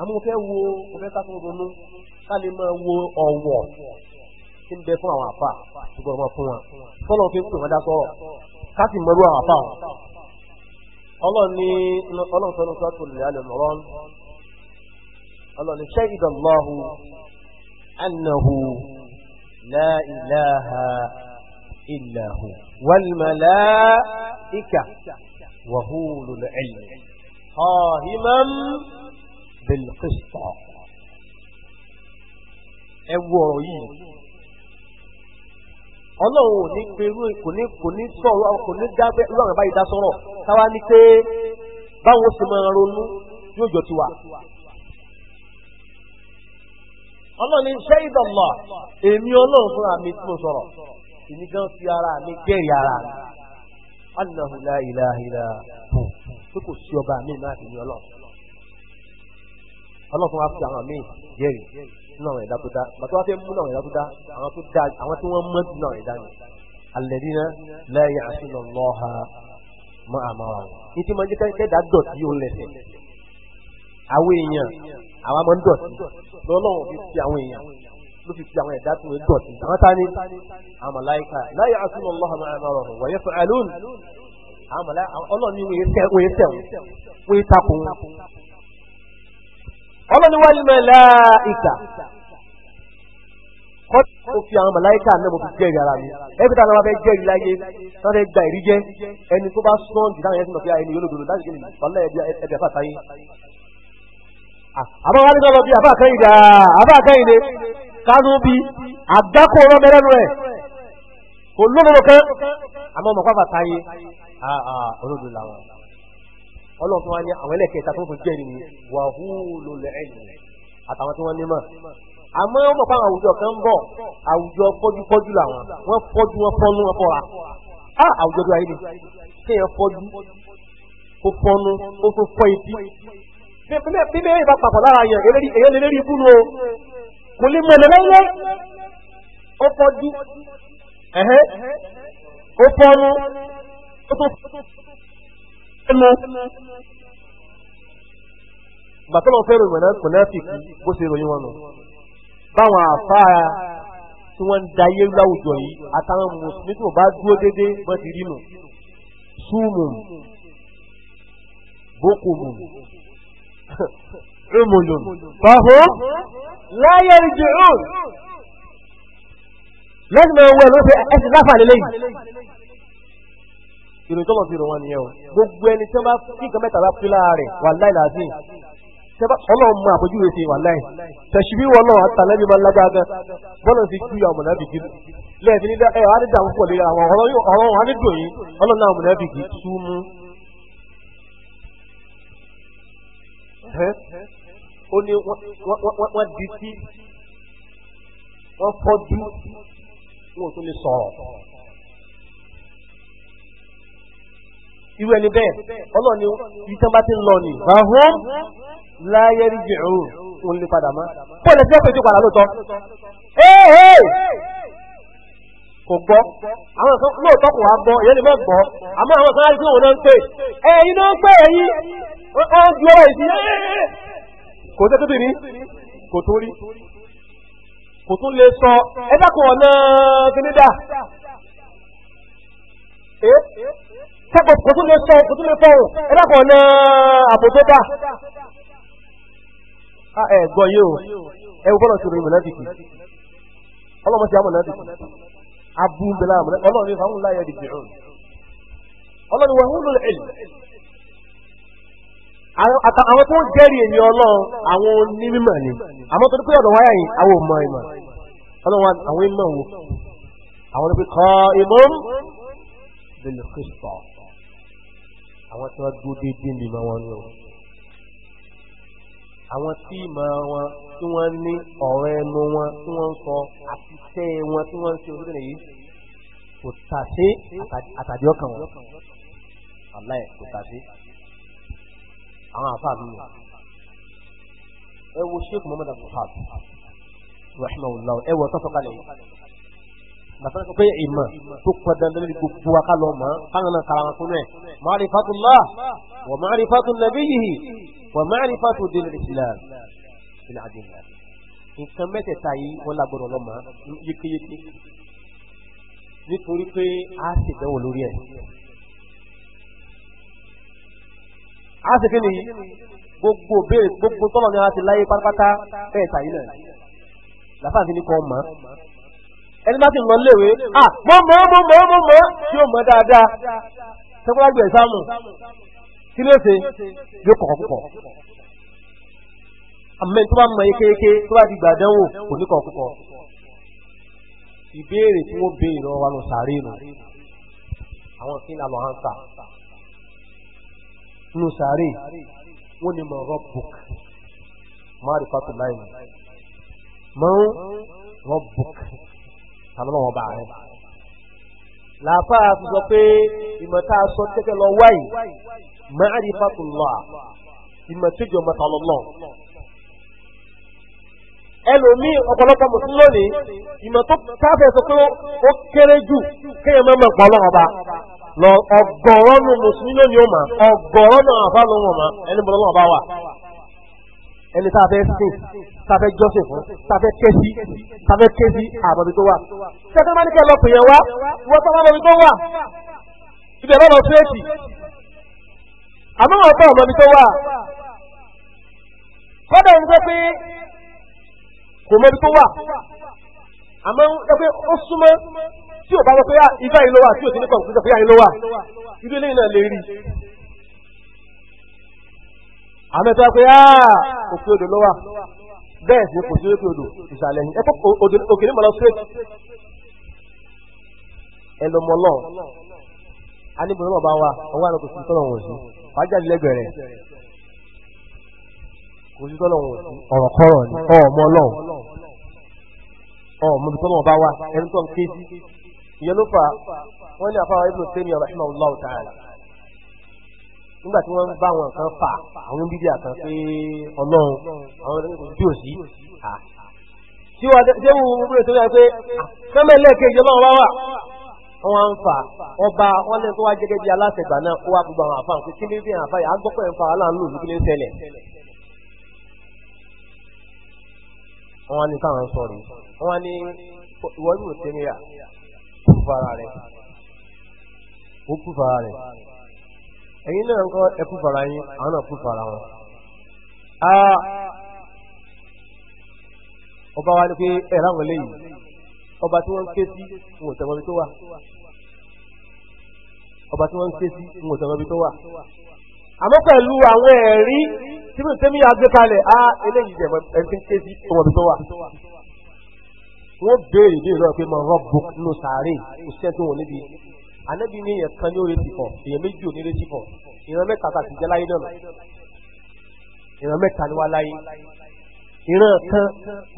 [SPEAKER 1] àmọ́ mo fẹ́ wo mo fẹ́ ká tó ronú ká lè máa wo ọ̀wọ̀ tí ń bẹ fún àwọn àfà ṣùgbọ́n ọmọ fún wọn fọlọ́ fi ń pè wọ́n dá sọ́rọ̀ ká àwọn àfà ọlọ́run ní ọlọ́run sọ́nù sọ́nù tó lè alẹ́ mọ́rọ́ ọlọ́run ṣẹ́ ìdọ̀lọ́hu annahu la ilaha illa hu wal malaika wa hulul ilmi بالقسط ẹ wo ọ̀rọ̀ yìí ọlọ́run ò ní pe irú kò ní kò ní sọ̀rọ̀ kò ní dá irú àwọn báyìí dá sọ̀rọ̀ káwa ní pé báwo ṣe máa ronú yóò jọ tiwa. ọlọ́run ní iṣẹ́ ìdọ̀lọ́ èmi ọlọ́run fúnra mi tí mo sọ̀rọ̀ èmi gan fi ara mi jẹ́rìí ara mi. annahu la ilaha illa hu pé kò sí ọba mi náà èmi ọlọ́run wa fi àwọn míì jẹ́rìí nínú àwọn ẹ̀dá tó dá bàtú wa fẹ́ mú àwọn ẹ̀dá tó dá àwọn tó dá àwọn tí wọ́n mọ́ nínú àwọn ẹ̀dá ni alẹ́dínà lẹ́yìn àṣìlọ lọ́ha mọ́ àmọ́ àwọn. ní ti máa ń jẹ́ kẹ́kẹ́ dá dọ̀tí ó lẹ̀sẹ̀ àwọn èèyàn àwa máa ń dọ̀tí lọ́lọ́run fi fi àwọn èèyàn ló fi fi àwọn ẹ̀dá tó dọ̀tí àwọn tani àwọn màláíkà lẹ́yìn àṣìlọ lọ́ha mọ́ ọlọ́ni wá ní màláíkà kọ́ mo fi àwọn màláíkà náà mo fi jẹ́rìí ara mi ẹgbẹ́ tí a náà fẹ́ jẹ́rìí láyé náà fẹ́ gba ìrí jẹ́ ẹni tó bá sọ́ọ̀n jù láwọn ẹ̀sìn ọ̀fíà ẹni yólódòdó láti gbé ìfọ̀lẹ́ ẹbí àfà táyé. àbá wa ní kọ́ lọ bí àfà kẹ́yìn dáa àfà kẹ́yìn ni kánú bí àgbákò ọmọ ọlọ́run tó wá ní àwọn ẹlẹ́kẹta tó tún jẹ́ ni wà húlò lẹ́yìn àtàwọn tí wọ́n ní mọ̀ àmọ́ wọ́n mọ̀ fáwọn àwùjọ kan ń bọ̀ àwùjọ fọ́júfọ́jú làwọn wọ́n fọ́jú wọn fọ́nú wọn fọ́ra á àwùjọ tó wáyé ni kéèyàn fọ́jú kó fọ́nú ó tún fọ́ etí bí bẹ́ẹ̀ bá papọ̀ lára yẹn èyàn lè rí ikú nu o kò lè mọ̀ lẹ́lẹ́lẹ́ ó fọ́jú ó fọ́nú ó tún mu bàtọ́ lọ́wọ́ fẹ́ràn ìwọ̀n mọ̀nàfíkì bó ṣe ròyìn wọn nù báwọn àfáà tí wọ́n ń da ayé láwùjọ yìí àtàwọn mùsùlùmí tí wọ́n bá dúró dédé wọ́n ti rí nù súùmù bókùmù
[SPEAKER 2] ìmùlù fàhó láyé ìjìrún
[SPEAKER 1] lẹ́yìn náà wọ́n ló fẹ́ ẹ̀sìn láfà lélẹ́yìn ìròyìn tó lọ sí ìròyìn wọn nìyẹn o gbogbo ẹni tí wọn bá kí nǹkan mẹ́ta bá pín láàárẹ̀ wàláì làásì ọlọ́run mọ àpèjúwe sí wàláì tẹ̀síbí wọn náà àtàlẹ́bí máa ń lágbára gan bọ́lá sí ju àwọn mọ̀lẹ́bìkì lẹ́ẹ̀fi ní ẹ wà á ní dààmú lórí àwọn ọ̀rọ̀ wọn á ní dùn yín ọlọ́run náà mọ̀lẹ́bìkì sú mú. ó ní wọ́n di sí wọ́n fọ́jú wọn tún lè sọ̀rọ̀. irú ẹni bẹ́ẹ̀ ọlọ́run ni ìtàn bá ti ń lọ ni. àhún láyé rí jẹ̀rù òun lè padà mọ́. bó lè jẹ́ pé tó padà lóòótọ́. ee kò gbọ́ àwọn kan lóòótọ́ kò wá gbọ́ ìyẹn ni mọ̀ gbọ́ àmọ́ àwọn kan láti fún òun náà ń pè ẹ̀yin náà ń pè ẹ̀yin ó ń ju ọ̀rọ̀ ìsìn kò tẹ́ tóbi ní kò tó rí kò tún lè sọ ẹ dákun ọ̀nà kìnnìdà
[SPEAKER 2] sẹ́kọ̀ kò tún lè sọ kò tún lè fọ́ o ẹ̀dàpọ̀ ọ̀nà àbòtótà
[SPEAKER 1] ẹ̀gbọ́n yóò ẹ̀wù bọ́lọ̀ sí orin mọ̀nàdìkì ọlọ́mọ sí amọ̀nàdìkì abúndínlá ọlọ́run ìfà ńlá yẹ dìbì rún ọlọ́run wọn ń lò ẹ̀lì àwọn tó ń jẹ́rì èmi ọlọ́run àwọn onímọ̀ ni àmọ́ tó dúpẹ́ ọ̀dọ̀ wáyà yìí àwọn ò àwọn tí wọ́n dúró déédéé ní ìmọ̀ wọn ni o àwọn tí ìmọ̀ wọn tí wọ́n ní ọ̀rọ̀ ẹnu wọn tí wọ́n ń sọ àti tẹ́ wọn tí wọ́n ń ṣe orílẹ̀ yìí kò tà sí àtàdé ọkàn wọn aláì kò tà sí àwọn àfa mi ẹ wo sheikh muhammad abdulhaq rahimahullah ẹ wọ tọ́sọ̀kalẹ̀ yìí bàtà sọ pé ìmọ̀ tó pọ̀ dandan lórí gbogbo wa ká lọ mọ̀ káwọn náà kàrà wọn fún ẹ̀ ma'rifatullah wa ma'rifatu nabiyyihi wa ma'rifatu dinil islam ìlà àdìyà nǹkan mẹ́tẹ̀ẹ̀ta yìí wọ́n lágbọ́dọ̀ lọ mọ̀ yékéyéké nítorí pé a ṣèdánwò lórí ẹ̀ a ṣe kí ni gbogbo béèrè gbogbo tọ́lọ̀ ní a ti láyé pátápátá bẹ́ẹ̀ tàyí náà làfáàfin ní kọ́ mọ́ ẹni bá ti mọ̀ léwe à mọ́ mọ́ mọ́ mọ́ mọ́ mọ́ tí ó mọ̀ dáadáa tẹ́kọ́lágbé ẹ̀sáàmù
[SPEAKER 2] kí ló ṣe yóò kọ̀kọ́ púpọ̀
[SPEAKER 1] àmì tó bá mọ̀ yé kéèké tó bá ti gbàdánwò kò ní kọ̀kọ́ púpọ̀ ìbéèrè tí wọ́n béèrè lọ́wọ́ wa lọ sàárè nù àwọn kí ni àwọn àǹkà nù sàárè wọ́n ní mọ̀ rọ́bùk máa rí pátó láì mọ̀ rọ́bùk tàlọ́wọ́ bá rẹ̀. làáfà fi sọ pé ìmọ̀ta sọ tẹ́tẹ́ lọ wáyé mẹ́rin fàtúlọ́ ìmọ̀tíjọ mọ̀tàlọ́lọ́. ẹlòmíì ọ̀pọ̀lọpọ̀ mùsùlùmí lónìí ìmọ̀ tó káfẹ́ sọ pé ó kéré jù kéèyàn mọ́ mọ̀ pọ̀ lọ́wọ́ bá lọ ọgọ́rọ́nù mùsùlùmí lónìí ó mà ọgọ́rọ́nù àbálòwọ̀n mà ẹni ẹni tá a fẹ́ sìn tá a fẹ́ jọ́sìn fún tá a fẹ́ kẹ́sí tá a fẹ́ kẹ́sí àbọ̀bí tó wà. sẹ́kẹ́ máa ní kẹ́ lọ pè yẹn wá wọ́n tó máa lọ́bí tó wà ibẹ̀ bá lọ fúrẹ́ẹ̀tì àmọ́ wọn tó lọ́bí tó wà. kọ́dà ń gbọ́ pé kò mọ́bí tó wà àmọ́ ń pẹ́ ó súnmọ́ tí ò bá lọ pé ah, ibà yìí ló wà tí ò sí ní kọ̀ǹpútà pé yà ah, yìí ló wà ibi eléyìí náà lè rí i àmẹ́ta pé áà òfin odò lọ́wà bẹ́ẹ̀ sí kò sí òkè odò ìsàlẹ̀ yìí ẹ̀kọ́ òkè ní mọ̀lọ́ straight ẹlọmọlọ aníbùrọ̀ bàbá wa ọwọ́ àná kò sí tọ́lọ̀ wọ̀n sí fàájà lẹ́gbẹ̀ẹ́ kò sí tọ́lọ̀ wọ̀n sí ọ̀rọ̀ ní àfáwà nígbà tí wọ́n ń bá wọn kan fà àwọn bíbí àkàn pé ọlọ́run àwọn ojú òsì à. tí wọ́n dé wù wọ́n búrẹ́ tó yẹ pé sẹ́mẹ̀ lẹ́ẹ̀kejì ọlọ́run bá wà wọ́n ń fà ọba wọn lẹ́nu tó wá gẹ́gẹ́ bí alátẹ̀gbà náà ó wá gbogbo àwọn àfáàn pé kí ní bí àfáà yà á gbọ́pọ̀ ẹ̀ ń fa aláàánú òbí kí ní ṣẹlẹ̀. wọ́n ní káwọn sọ̀rọ̀ wọ́n ní ìwọ́n yóò tẹ́lẹ̀ ẹ̀yin náà ń kọ́ ẹkú fara yín àwọn náà kú fara wọn. ọba wa ni pé ẹ̀ láwọn eléyìí ọba tí wọ́n ń ké sí wọn ò tẹ̀wọ́n bí tó wà ọba tí wọ́n ń ké sí wọn ò tẹ̀wọ́n bí tó wà. àmọ́ pẹ̀lú àwọn ẹ̀rí tí mo tẹ́mi àgbé kalẹ̀ á eléyìí jẹ̀ ẹ̀ ti ń ké sí wọn bí tó wà. wọ́n béèrè ìbéèrè náà pé mo rọ́ọ̀bù nù sàárè kò sẹ́ńtò wọn níbi anabi ní èèyàn kan ní ó retí fọ èèyàn méjì ò ní retí fọ ìran mẹ́ta tá a ti jẹ láyé náà ìran mẹ́ta ni wá láyé ìran kan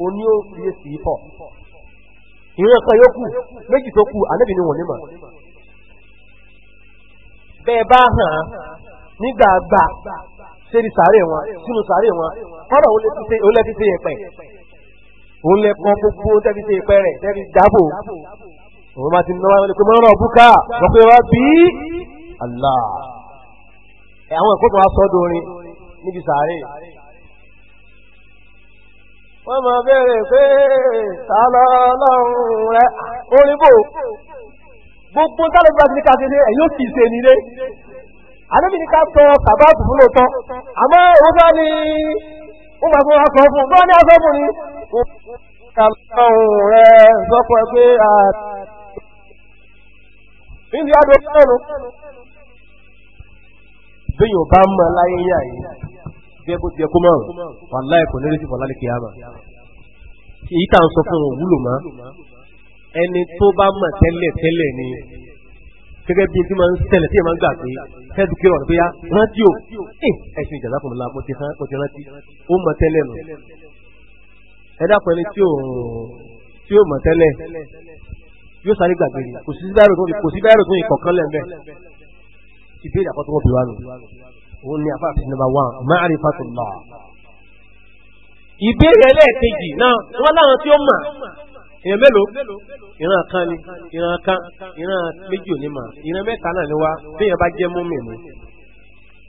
[SPEAKER 1] oní ó retí fọ ìran kan yókù méjì tó kù anabi ní wọn ní mà bẹ́ẹ̀ bá hàn nígbàgbà sẹ́ni sàárè wọn sínú sàárè wọn kọ́dọ̀ òun lẹ́fi ṣe yẹpẹ̀ òun lẹ́kọ́ gbogbo tẹ́fi ṣe yẹpẹ̀ rẹ̀ tẹ́fi dábò òun máa ti náwó ẹni pé mọ́nà ọ̀bùkà wọ́n pé wọ́n bí Allah àwọn ẹ̀kọ́ tó wá sọ́dọ̀ orin níbi sàárè
[SPEAKER 2] wọ́n máa bẹ̀rẹ̀ pé tààlà ọlọ́run rẹ̀ orin bò
[SPEAKER 1] gbogbo tààlà ìgbà tí ká ṣe ṣe ẹ̀yìn ó sì ṣe nílé àdébì ní ká tọ sàbáàtù fún lóòótọ́ àmọ́ òun náà ni ó máa fún wa sọ fún bọ́ọ̀ ní asọ́fún ni. tààlà ọlọ́run rẹ̀ sọ pé àti. Ah, níbi adó sẹ́nu bẹ́yìn ọba mọ́ láyé yá yìí bí ẹ bó ti ẹ kó mọ́rùn wà láì kò nírètí fọ̀ lálẹ́ kìyàmà èyí tá à ń sọ fún òun wúlò mọ́ ẹni tó bá mọ̀ tẹ́lẹ̀ tẹ́lẹ̀ ni gẹ́gẹ́ bí tí máa ń ṣẹlẹ̀ tí ẹ máa ń gbà pé health care ọ̀nà bóyá rádíò ẹ̀sìn ìjàdá fún mi la mo ti rántí ó mọ̀ tẹ́lẹ̀ nù ẹ dákun ẹni tí ò mọ̀ tẹ́lẹ̀ yóò sáré gbàgbé ni kò sí báyìí tó kò sí báyìí tó ìkọ̀kan lẹ̀ mẹ́ ìbéèrè àkọ́tọ́ wọn bí wà nù òun ni àfa àti nàmbà wàn ma'rifatullah. ìbéèrè ẹlẹ́ẹ̀kejì náà wọ́n láwọn tí ó mà èèyàn mélòó ìran kan ni ìran kan ìran méjì ò ní mà ìran mẹ́ta náà ni wá béèyàn bá jẹ́ mọ́mì ni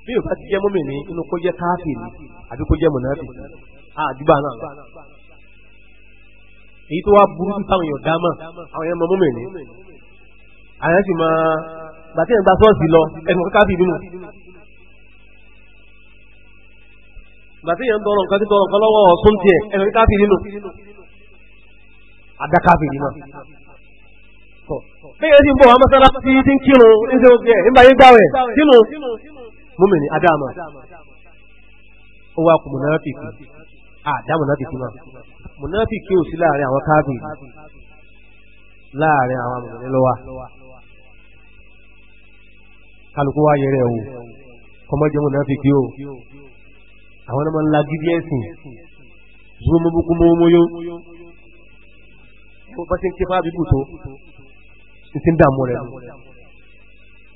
[SPEAKER 1] béèyàn bá ti jẹ́ mọ́mì ni inú kó jẹ́ káfíìnì àbí kó jẹ́ mùnáfíìnì àdúgbò náà èyí tó wá burú táwọn èèyàn dámà àwọn èèyàn mọ́mọ́mọ́ ní Ma sì máa bàtí ẹ̀ ń sọ́ọ̀sì lọ ẹ̀sùn kọ́kọ́ fi bínú bàtí tọrọ nǹkan tí tọrọ nǹkan lọ́wọ́ ọ̀sùn tiẹ̀ ẹ̀sùn kọ́kọ́ fi bínú àdáká fi bínú. bẹ́ẹ̀ ni bọ̀ wá mọ́sálásí tí ń kírun ń ṣe oge ẹ̀ ń bá yín gbáwẹ̀ sínú mọ́mọ́ ní adáàmà ó wá kùmùnà fìkì àdáàmù náà náà mùnáfíkì ò sí láàrin àwọn káàbì láàrin àwọn mùnàfíkì lọ́wọ́ kálukú wá yẹrẹ o kọmọjẹ mùnáfíkì o àwọn ọmọ ńlá gidi ẹ̀sìn zuwo mọbùkú mọmọyó bá ti ń ké fábíbù tó ń ti ń dààmú rẹ lọ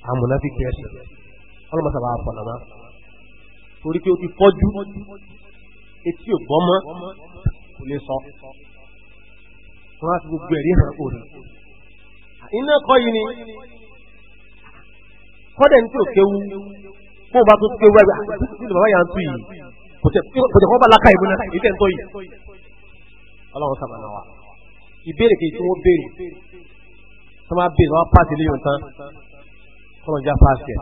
[SPEAKER 1] àwọn mùnáfíkì ẹ̀sìn ọlọmọsàbà àfọlọmọ torí pé ó ti fọ́jú etí ò gbọmọ kò lè sọ wọn á fi gbogbo ẹ̀rí hàn òní. iná kọ́ yìí ni kọ́dẹ̀ ní tí ò kéwu kó o bá tún kéwu ẹgbẹ́ nínú bàbá yà ń tu yìí kò tẹ̀ kọ́ bá lákà ìmúná èyí tẹ̀ ń tọ́ yìí. ọlọ́run sábà náà wà ìbéèrè kejì tí wọ́n béèrè tó máa béèrè wọn pàṣẹ léyìn tán kọ́lọ̀njá pàṣẹ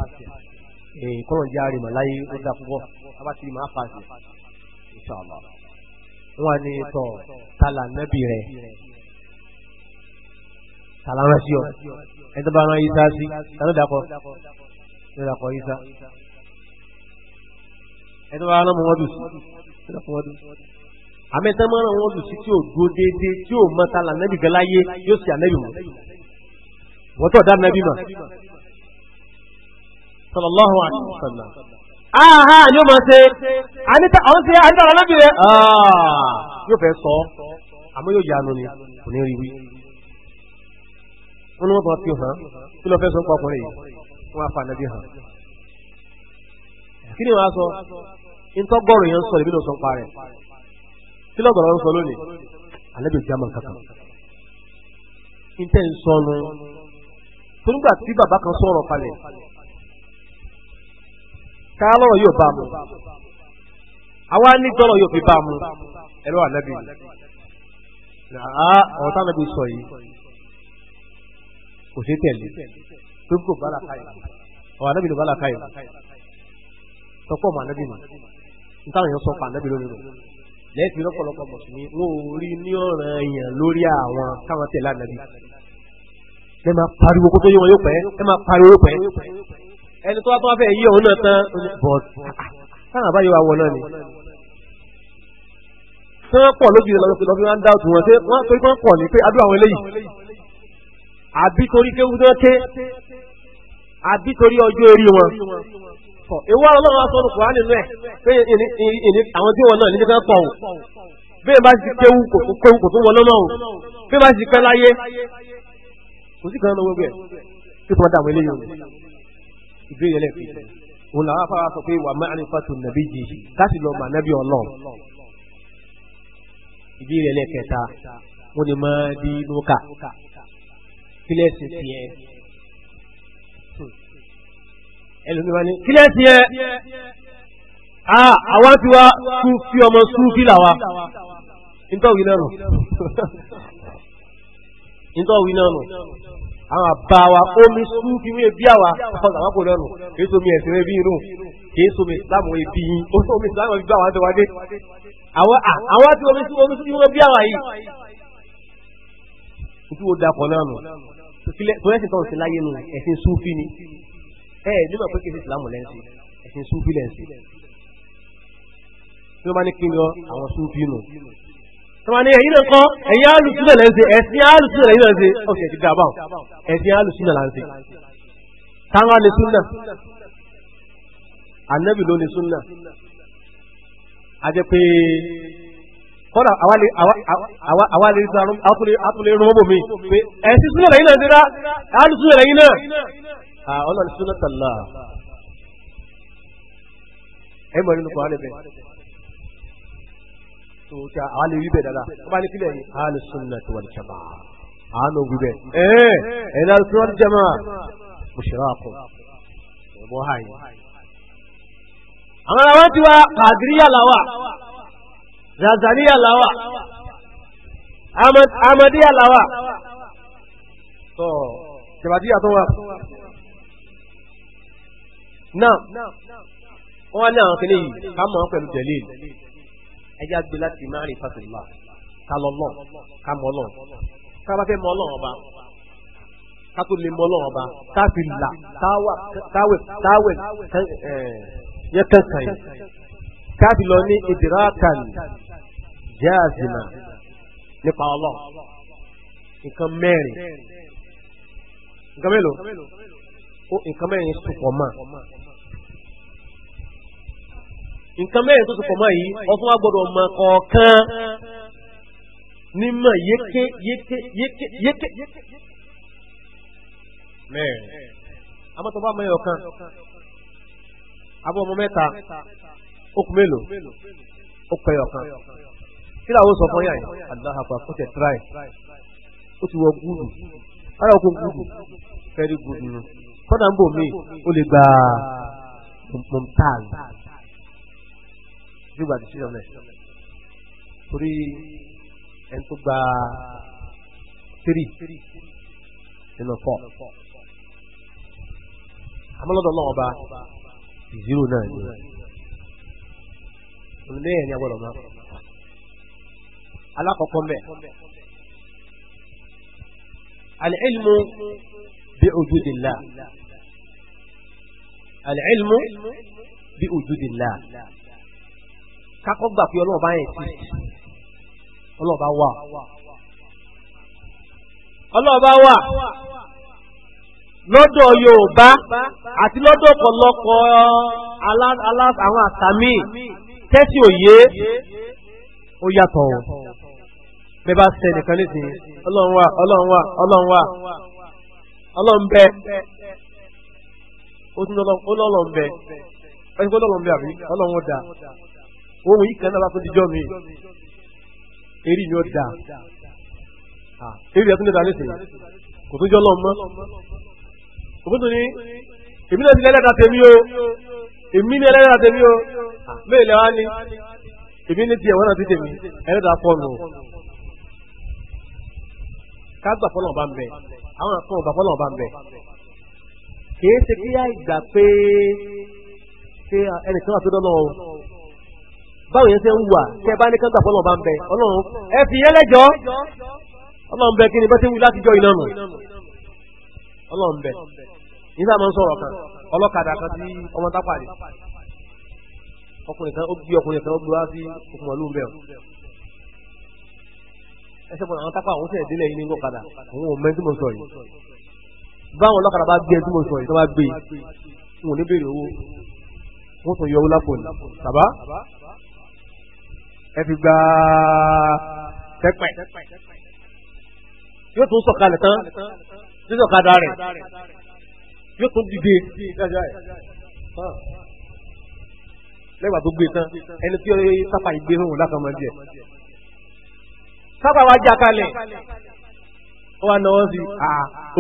[SPEAKER 1] kọ́lọ̀njá rèmọ̀ láyé ó dá púpọ̀ abá ti rí pàṣẹ wọn ni tọ̀ tala nẹ́bì rẹ̀ tala rẹ̀ sí ọ ẹni tó bá rán isa sí tani dàkọ ní dàkọ isa ẹni tó bá rán mọ́wọ́dù sí ní dàkọ mọ́wọ́dù àmì tán máa rán mọ́wọ́dù sí tí ò dúró déédéé tí ò mọ tala nẹ́bì gan láyé yóò sì ànẹ́bì mọ́ wọ́n tọ̀ dá nẹ́bì mọ́ sallallahu alaihi wasallam. aha ha ó máa ṣe àníta ọ̀n ṣe àníta ọ̀lọ́bìnrin ah. ah. yóò fẹ́ sọ àmọ́ yóò yanu ni kò ní rí wí. wọ́n ní wọ́n fọwọ́ fi hàn kí ló fẹ́ sọ pọkùnrin yìí wọ́n á fa ànábì hàn. kí ni wọ́n á sọ ntọ́gọ́rùn yẹn ń sọ ìbílẹ̀ òsán parẹ́ kí lọ́gọ̀rọ̀ ń sọ lónìí ànábì òjá máa kankan. ntẹ́ ń sọnu tó nígbà tí bàbá kan sọ̀rọ̀ kalẹ̀ ká lọ́rọ̀ yóò bá mu àwa ní tọ́rọ̀ yóò fi bá mu ẹ̀rọ ànábì nàá ọ̀rọ̀ táwọn ẹbí sọ yìí kò sí tẹ̀lé tó kò bá làkàyè ọ̀rọ̀ ànábì ló bá làkàyè tọ́pọ̀ mọ̀ ànábì nù nítawọn èèyàn sọ pa ànábì lónìí nù lẹ́ẹ̀tì lọ́pọ̀lọpọ̀ mùsùlùmí wọn ò rí ní ọ̀ràn èèyàn lórí àwọn káwọn tẹ̀lé ànábì ẹ máa pariwo kó tó wọn yóò pẹ́ ẹ máa pariwo yóò pẹ́ ẹni tó wá tó wá fẹ́ yí òun náà tán but táwọn àbáyọ àwọ̀ náà ni tí wọ́n pọ̀ lójú ìlọ́sọ̀lọ́ fi máa ń dáàtù wọn wọ́n torí wọ́n pọ̀ ní pé adó àwọn eléyìí àbí torí kéwú náà ké àbí torí ọjọ́ orí wọn pọ̀ ìwọ́ ọlọ́run aṣọ ọdún kùránì nínú ẹ̀ pé àwọn tí wọn náà ní kíkan pọ̀ bí ẹ bá ti kéwú kéwú kò tó wọn lọ́nà o bí ẹ bá ti pẹ́ láyé kò sí kan náà wọ́n gbẹ̀ kí wọ́n dà àwọn eléyìí ìbéèrè lẹ́ẹ̀kejì òun làwọn afárá sọ pé wà ma'rifatu nàbí jì láti lọ mà nàbí ọlọ́run ìbéèrè lẹ́ẹ̀kẹta wọ́n ní máa di nuka kílẹ̀sì tiẹ̀ ẹlòmíràn ní kílẹ̀sì yẹ àwa ti wá fi ọmọ súnfì làwa nítorí náà nù nítorí náà nù àwọn àbá wa omi súnfì wíwé bí àwa àkọsọ àwọn kò lẹ́nu kìí sómi ẹ̀sìn rẹ bí inú kìí sómi ìsìlámù rẹ bí yín ó sómi ìsìlámù rẹ bí àwọn àti wáde àwọn àti omi súnfì wíwé bí àwa yìí nítorí wo dapọ̀ náà nù tó ẹ̀sìn tó ń sin láyé nù ẹ̀sìn súnfì ni ẹ ẹ nígbà pé kìí sí ìsìlámù lẹ́sìn ẹ̀sìn súnfì lẹ́sìn tí wọ́n bá ní kí ni àwọn súnfì nù tọ́wọ́ ní ẹ̀yìn nǹkan ẹ̀yìn alùsúnà lẹ́ ń ṣe ẹ̀sìn alùsúnà lẹ́yìn náà ń ṣe ọ̀kẹ́ ti dàbà ẹ̀sìn alùsúnà là ń ṣe
[SPEAKER 2] táwọn ní súnà
[SPEAKER 1] ànábì ló ní súnà a jẹ́ pé kọ́nà àwa lè sọ àtúnlé rọ́bù mi pé ẹ̀sìn súnà lẹ́yìn náà ń ṣe rá alùsúnà lẹ́yìn náà ọ̀nà ní súnà tàlà ẹ̀ nínú kọ́ tó ṣe àálè wíbẹ̀ dada wọ́n bá ní kílẹ̀ ní àálè sunna tó wà ní jama àánú wíbẹ̀ ẹ̀ ẹ̀ náà tó wà ní jama mo ṣe rà kọ́ ẹ̀ bọ́ hàyè. zazaniya làwà amadiya làwà tó jabadiya tó wà. náà wọ́n ní kìnìyí ká mọ̀ ọ́ pẹ̀lú ẹjẹ́ àgbẹ̀ láti máa rìn fásitìlá ká lọ lọ ká mọ lọ ká bá fẹ́ mọ lọ ọba ká tó lè mọ lọ ọba ká fi là táwẹ̀ táwẹ̀ yẹ kankan yìí ká lọ ní ìdírákan jáàzìmà nípa ọlọ nǹkan mẹ́rin nǹkan mélòó nǹkan mẹ́rin sùpọ̀ mọ́ nǹkan mẹ́rin tó ti pọ̀ mọ́ yìí ọkùnrin wa gbọ́dọ̀ mọ̀ kọ̀ọ̀kan nímọ̀ yéké yéké yéké yéké mẹ́rin amọ́tọ́ bá mẹ́rin ọ̀kan abọ́ ọmọ mẹ́ta okùn mélòó okùn ẹ̀yọ̀ kan kí làwọn sọ fún yàrá aláhàpá kó tẹ̀ tíráì ó ti wọ gúdù ara okùn gúdù fẹ́rí gúdù nù
[SPEAKER 2] kọ́dà ń bò mí ó lè gba
[SPEAKER 1] mọ̀mtáàlì yóò gba decision rẹ̀ torí ẹni tó gba three nínú four amúlọ́dọ̀ náà ọba zero náà ni òní ẹ̀yìn agbọ́dọ̀ máa alákọ̀ọ́kọ́ mẹ́ alẹ́ẹ̀lmú bí ojúdìlá alẹ́ẹ̀lmú bí kákọ́ gbà pé ọlọ́ọ̀bá yẹn ti ọlọ́ọ̀bá wà ọlọ́ọ̀bá wà lọ́dọ̀ Yorùbá àti lọ́dọ̀ ọ̀pọ̀lọpọ̀ àwọn àtàmì tẹ́sí òye ó yàtọ̀ bẹ́ẹ̀ bá nìkan nísìnyí ohun yìí kan náà bá tún dijọ́ mi eré ni ó da eré yẹn tún lè da nísìnyí kò tún jọ́ lọ́mọ òkú tún ní èmi náà ti lẹ́lẹ́ta tèmi o èmi ní ẹlẹ́dàá tèmi o bẹ́ẹ̀ lẹ́wà ni èmi ní tiẹ̀ wọ́n náà ti tèmi ẹlẹ́dàá fọ́ọ̀nù ká gbà fọ́lọ̀ bá ń bẹ̀ àwọn àkàn ọ̀gbà fọ́lọ̀ bá ń bẹ̀ kìí ṣe kí á gbà pé ṣé ẹnìkan àti dọ́lọ́ o báwo yẹn ṣe ń wà tẹ bá ní kẹta fọlọ́ọ̀ bá ń bẹ ọlọ́run ẹ fi yẹn lẹ́jọ́ ọlọ́run bẹ kí ni bá ti wù láti jọ iná nù ọlọ́run bẹ yín sáà máa ń sọ̀rọ̀ kan ọlọ́kadà kan tí ọmọ tápà ni ọkùnrin kan ó gbé ọkùnrin kan ó gbé wá sí òkun ọ̀lú bẹ́ẹ̀ ẹsẹ̀ pọ̀ àwọn tápà àwọn sẹ̀dí lẹ́yìn nínú ọ̀kadà àwọn ò mẹ́tí mo sọ yìí báwọn ọlọ́kadà bá gbé ẹtí mo sọ yìí tó bá gbé e, wọn ò ní béèrè owó wọn tún yọ owó lápò ní tàbá ẹ fi gba tẹ́pẹ̀ yóò tún sọ̀kalẹ̀ tán sísọ̀kadà rẹ̀ yóò tún dìde lẹ́gbàá tó gbé tán ẹni tí sápà ìgbé hàn lákàmọ́ díẹ̀ sápà wájà kalẹ̀ ó wá náwó sí à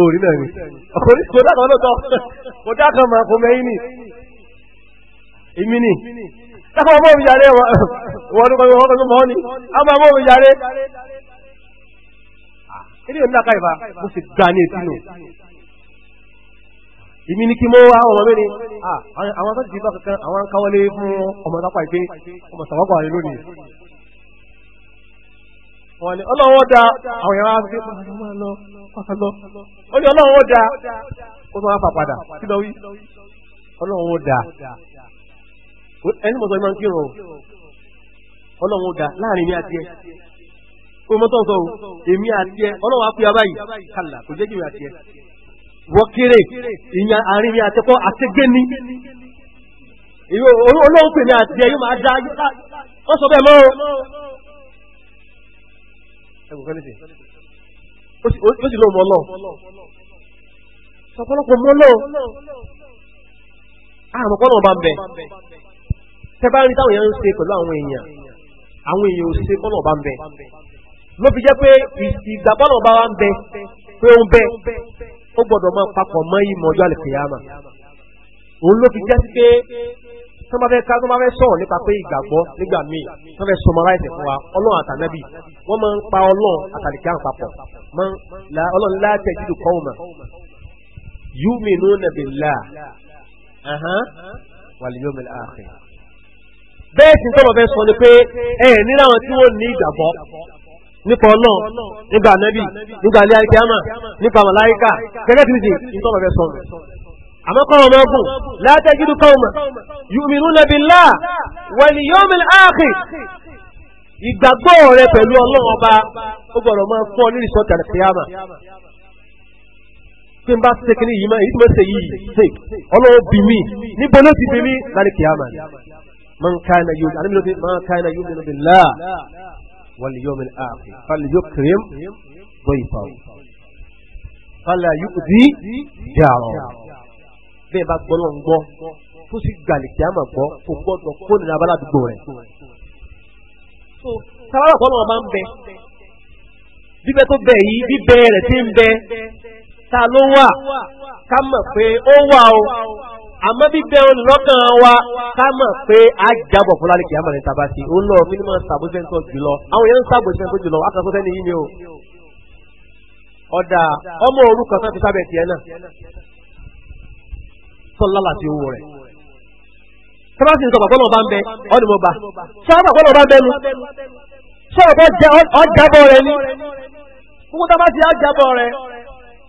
[SPEAKER 1] òrí náà ni ọkùnrin tó dákan lóòótọ́ kò dákan mọ̀ kò mẹ́yìn ni èmi ni táwọn ọmọ òbí yàrá wọn ló kọ́ wọn kọ́ mọ́ ni àwọn ọmọ òbí yàrá ilé ìlú àkàyè bá mo sì ga ní etí nù ìmí ni kí mo wá ọmọ mi ni ah, àwọn akọ́jú ti bá kankan àwọn akáwọlé fún ọmọ sápá ìgbé ọmọ sàwọ́pọ̀ àrẹ lónìí wọ́n ni ọlọ́wọ́ da àwọn èèyàn á fi máa lọ pàtàkì lọ ó ní ọlọ́wọ́ ẹni mọ̀sán máa ń kírun ọlọ́run dà láàrin mi àti ẹ kó mọ́tọ́ sọ èmi àti ẹ ọlọ́run á pè á báyìí kàlà kò jẹ́ jù àti ẹ wọ́n kéré ìyàn àárín mi àti ẹkọ́ àtẹ́gẹ́ ni olóhùn pè ní àti ẹ yóò máa dá wọ́n sọ bẹ́ẹ̀ mọ́ ẹ̀wọ̀n fẹ́ lẹ́sẹ̀ ó sì lóun mọ́ lọ sọpọlọpọ mọ́ lọ àrùn kọ́nà ọba ń bẹ̀ tẹ́bá rí táwọn èèyàn ń ṣe pẹ̀lú àwọn èèyàn àwọn èèyàn ò ṣe kọ́nà ọba ń bẹ ló fi jẹ́ pé ìgbàgbọ́nà ọba wa ń bẹ pé ó ń bẹ ó gbọ́dọ̀ máa papọ̀ mọ́ ìmọ̀ ọjọ́ àlùkìyàmà òun ló fi jẹ́ sí pé tó bá fẹ́ ká tó bá fẹ́ sọ̀rọ̀ nípa pé ìgbàgbọ́ nígbà míì tó fẹ́ sọmọráìsì fún wa ọlọ́run àtànẹ́bì wọ́n máa ń pa ọlọ́run àtàlìkí àwọn papọ̀ ọlọ́run láti ẹ̀jú kọ́ọ̀mà yu'minuna billah wal yawmil akhir bẹ́ẹ̀ sì ń tọ́lọ̀ fẹ́ sọ ni pé ẹ ẹ̀ nínú àwọn tí wọ́n ní ìgbàgbọ́ nípa ọlọ́run nípa ànábì nípa ilé alikiyama nípa màláíkà gẹ́gẹ́ bí ti ń tọ́lọ̀ fẹ́ sọ nù. àmọ́ kọ́ ọmọ ogun látẹ́jú kọ́ọ̀mà yu'minuna billah wal yawmil akhir ìgbàgbọ́ rẹ pẹ̀lú ọlọ́run ọba ó gbọ́dọ̀ máa fún ọ nílùú sọ́kà alikiyama tí n bá ṣe kiri yìí máa èyí tí mo ṣe yìí ṣe ọlọ́run bí mi níbo ló ti bí mi lálẹ́ kìámà man kana yóò àti mílò man kana yóò nínú bìlá wal yawmil akhir fàlẹ̀ yóò kérém bọ́ ìfà o fàlẹ̀ yóò di jàrọ̀ bẹ́ẹ̀ bá gbọ́ lọ́n gbọ́ tó sì gbàlè kí a máa gbọ́ kó gbọ́dọ̀ kó nínú abala àdúgbò rẹ̀. sábà kọ́ lọ́wọ́ máa ń bẹ bíbẹ tó bẹ yìí bíbẹ rẹ̀ ti ń bẹ ta ló wà ká mọ̀ pé ó wà o àmọ́ bíbẹ́ wọn lọ́kàn wa ká mọ̀ pé a jábọ̀ fún lálẹ́ kìí àmàlẹ́ tàbá sí i ó lọ mínímọ̀ sàbóṣẹ́ńtọ̀ jùlọ àwọn yẹn ń sàbóṣẹ́ńtọ̀ jùlọ àtàkùn sẹ́ni yìí ni o ọ̀dà ọmọ orúkọ tó ti sábẹ̀ tiẹ̀ náà sọ́lá láti owó rẹ̀ sábàtì ń sọ bàbá ọlọ́ọ̀bá ń bẹ ọdún mọba
[SPEAKER 2] sábà bàbá ọlọ́ọ̀bá ń bẹ nu
[SPEAKER 1] sọ̀rọ̀ bọ́ ọjàbọ̀ rẹ̀ ni gbogbo tábàtì á jàbọ̀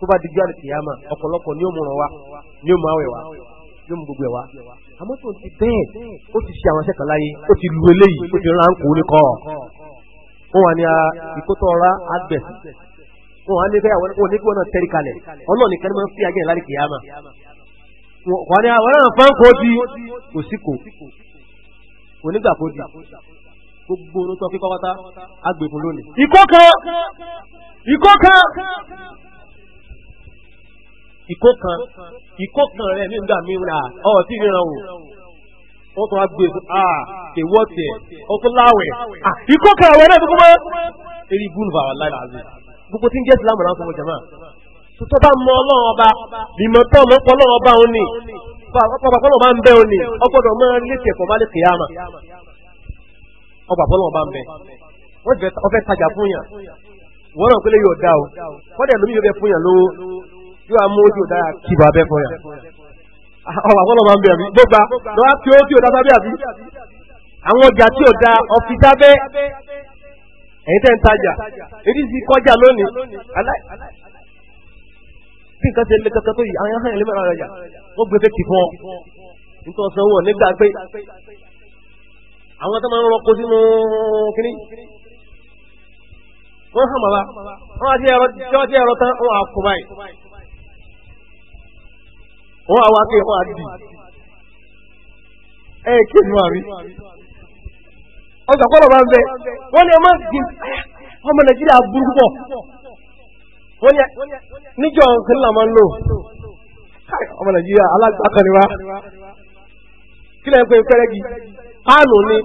[SPEAKER 1] tó bá dijú àlùkìyàmà ọ̀pọ̀lọpọ̀ ni ó mú wọn wá ni ó mú àwẹ̀ wá ni ó mú gbogbo ẹ̀ wá. àmọ́ tó ti bẹ́ẹ̀ o ti ṣe àwọn iṣẹ́ kan láyé ti lu eléyìí ó ti rán kó nìkọ́ wọn wà ní ah, ìkótó ọ̀rá àgbẹ̀ wọn wà ní bẹ́ẹ̀ wọn ní kí wọn náà tẹ́rí kalẹ̀ ọlọ́ọ̀ni kan máa ń fi àgẹ́ lálùkìyàmà wọn ni àwọn ah, náà fán kó di kò sí kò onígbà kó di gbogbo orúkọ kíkọ́ pátá àgbẹ̀fún lónìí. ìkó kan ìkó kan ìkó kan ìkó kan rẹ̀ nígbà mìíràn ọ̀ tí ìran o wọ́n tún wá gbé e fún a èwọ́ tiẹ̀ ọkọ̀ láwẹ̀ ìkó kan àwẹ̀ náà gbogbo eré gúnùfà wà láì láàzì gbogbo tí ń jẹ́ ìsìlámù náà fún jama tuntun bá mọ ọlọ́run ọba bímọ tó mọ pọ̀ ọlọ́run ọba òní ọpọlọpọ ọba ń bẹ òní ọgbọ́dọ̀ mọ létí ẹ̀kọ́ máa lè kìyàmà ọpọlọpọ ọba ń bẹ wọ́n fẹ́ tajà fún yàn wọ́n náà pélé yóò dá o wọ́n dẹ̀ lómi yóò bẹ fún yàn lówó yóò amú ojú dára kíbo abẹ́ fún yà ọba fọlọ máa ń bẹ àbí gbogbo lọ́wọ́ tí ó tí ò dáta bí àbí àwọn ọjà tí ò da ọ̀fi dábẹ́ ẹ̀yin tẹ́ ń tajà èyí sì kọjá lónìí kí nǹkan ṣe lé kankan tó yìí àwọn ẹ̀hán ẹ̀lẹ́mẹ̀rẹ̀ ara yà wọ́n gbé fẹ́ kì fún ọ nítorí ọ̀sán wọn nígbà pé àwọn tó máa ń rọko sínú kínní wọ́n hàn bàbá wọ́n á ti ẹ̀rọ tán wọ́n á kó wọn àwọn akéwà wọn àdì ẹ kéwì wọn àrí ọjà kọlọ bá ń bẹ wọn ni ẹ má gbin ọmọ nàìjíríà burú pọ wọn ni níjọ nǹkan náà máa ń lò ọmọ nàìjíríà alágbàkànniwa kílẹ̀ ń pè pẹ́rẹ́gì páànù ni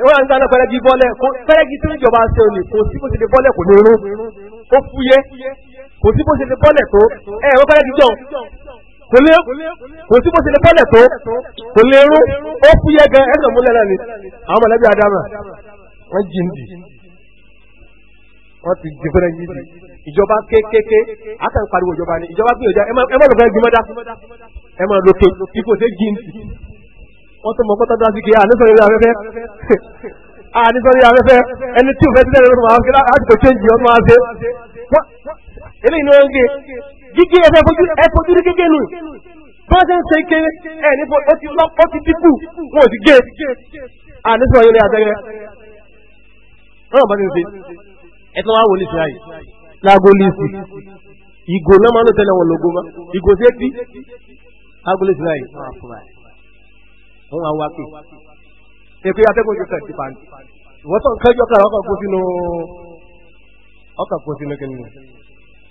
[SPEAKER 1] ìwọ́n ń dáná pẹ́rẹ́gì bọ́lẹ̀ pẹ́rẹ́gì tí ìjọba ṣe ò ní kò sí bó ṣe lè bọ́lẹ̀ kò ní irun ó fúyẹ́ kò sí bó ṣe lè bọ́lẹ̀ tó ẹ̀ ẹ̀rọ pẹ́rẹ́gì jọ̀ kò lé kò sí bó ṣe lè pọ́lẹ̀ tó kò lè rú ó fúyẹ́ gan ẹ̀sẹ̀ múlẹ̀ náà ni àwọn mọ̀lẹ́bí adama wọ́n jí ń dì wọ́n ti jí fẹ́rẹ́ yìí dì ìjọba kéékèèké àtàn pariwo ìjọba ni ìjọba gbìyànjú ẹ má lọ fẹ́ gbìmọ̀ dá ẹ má lókè ipò ṣe jí ń dì wọ́n tó mọ kọ́tà dá sí kí àníṣọ́rí afẹ́fẹ́ àníṣọ́rí afẹ́fẹ́ ẹni tí ò fẹ́ tẹ́lẹ̀ lọ́wọ́ àwọn akẹ́kọ̀ọ́ gígé ẹ̀fẹ́ fojú ẹ̀fọ́jú rí gígé nù bọ́ọ̀dẹ́ ń ṣe kéré ẹ̀ nípa ó ti lọ́pọ̀ ti dínkù wọn o ti gé àdéṣe ọ̀yọ́ ní àtẹ́rẹ́ wọn bá ti ń ṣe ẹ̀tọ́ wa wò ní ìṣúra yìí láago líìsì ìgò náà máa ń tẹ́lẹ̀ wọn lògo má ìgò sí etí láago líìsì náà yìí wọn àwọn akéwì èkó atẹ́kọ̀ọ́ ti tẹ̀sí pàǹtí wọ́n tán kẹ́jọ́ kára ọkọ̀ kó sínú ọkọ̀ kó sínú kẹ́lẹ́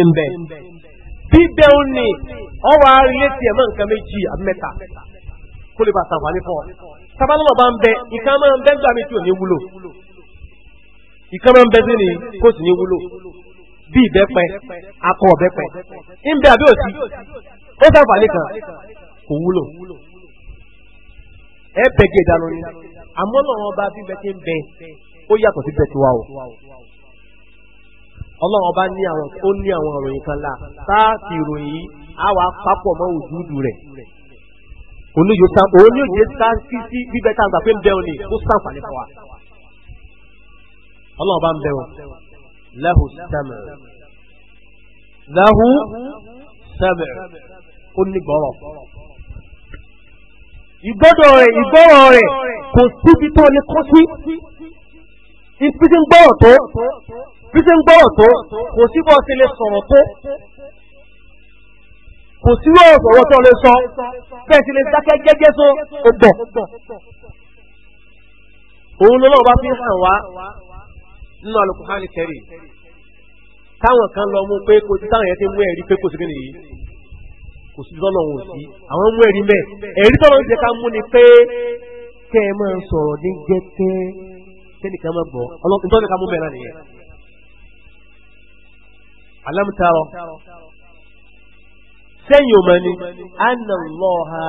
[SPEAKER 1] ìmbẹ̀ bíbẹ̀ ò ní ọwọ́ arílẹ̀ tiẹ̀ mọ́ nǹkan méjì àbí mẹ́ta kó lè bá sàǹfààní fọ́ sábàlọ́wọ́ bá ń bẹ ìkan máa ń a gbà mí tí ò ní wúlò ìkan máa ń bẹ sí ni kò sì ní wúlò bí ìbẹ́pẹ akọ ọ̀bẹ́pẹ
[SPEAKER 2] ìmbẹ̀ àbí òsì ó sàǹfààní kan
[SPEAKER 1] kò wúlò ẹ bẹ̀gẹ̀ ìdánù ni àmọ́ lọ́wọ́ bá bíbẹ̀ ti ń bẹ ó yàtọ̀ sí bẹ̀ ọlọ́run ọba ní àwọn ó ní àwọn ìròyìn kan la sáàtì ìròyìn á wà pápọ̀ mọ́ òjúdù rẹ̀
[SPEAKER 2] oníyòó sá òun ní
[SPEAKER 1] òjò sá sí sí bíbẹ́ tá a gbà pé ń bẹ òní ó sàǹfààní fún wa ọlọ́run ọba ń bẹ wọn sẹ́mẹ̀ lahu sẹ́mẹ̀ ó ní gbọ́rọ̀ ìgbọ́dọ̀ rẹ̀ ìgbọ́rọ̀ rẹ̀ kò síbi tó lè kọ́ ìpínlẹ̀ gbọ́rọ̀ tó bí ṣe ń gbọ́rọ̀ tó kò sí bọ́ ṣe lè sọ̀rọ̀ tó kò sí ọ̀rọ̀ tó lè sọ bẹ́ẹ̀ ṣe lè dákẹ́ gẹ́gẹ́ tó o gbọ̀. òun lọ́wọ́ bá fi hàn wá nínú Al-Qur'ani kẹrì táwọn kan lọ mú pé kò sí táwọn yẹn ti mú ẹ̀rí pé kò sí nìyí kò sí tọ́lọ̀ wò sí àwọn mú ẹ̀rí mẹ́ ẹ̀rí tọ́lọ̀ jẹ́ ká mú ni pé kẹ́ ẹ máa sọ̀rọ̀ ní jẹ́tẹ́ kẹ́nìkan máa gbọ́ ọlọ́run tọ́lọ̀ ká mú bẹ́ẹ̀ náà nìyẹn alámùtárọ sẹ́yìn ọmọ ni anna Allaha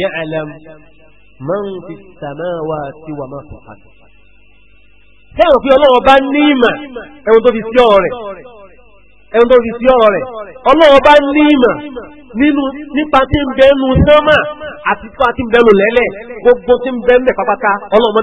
[SPEAKER 1] ya'lam man fi samawati wa ma fi hàn. sẹ́yìn òfin ọlọ́wọ́ bá ní ìmọ̀ ẹ̀hún tó fi sí ọ̀rọ̀ rẹ̀ ẹ̀hún tó fi sí ọ̀rọ̀ rẹ̀ ọlọ́wọ́ bá ní ìmọ̀ nínú nípa tí ń bẹ nù sánmà àti tó àti bẹ nù lẹ́lẹ̀ gbogbo tí ń bẹ nù pàpàtà ọlọ́wọ́ mọ́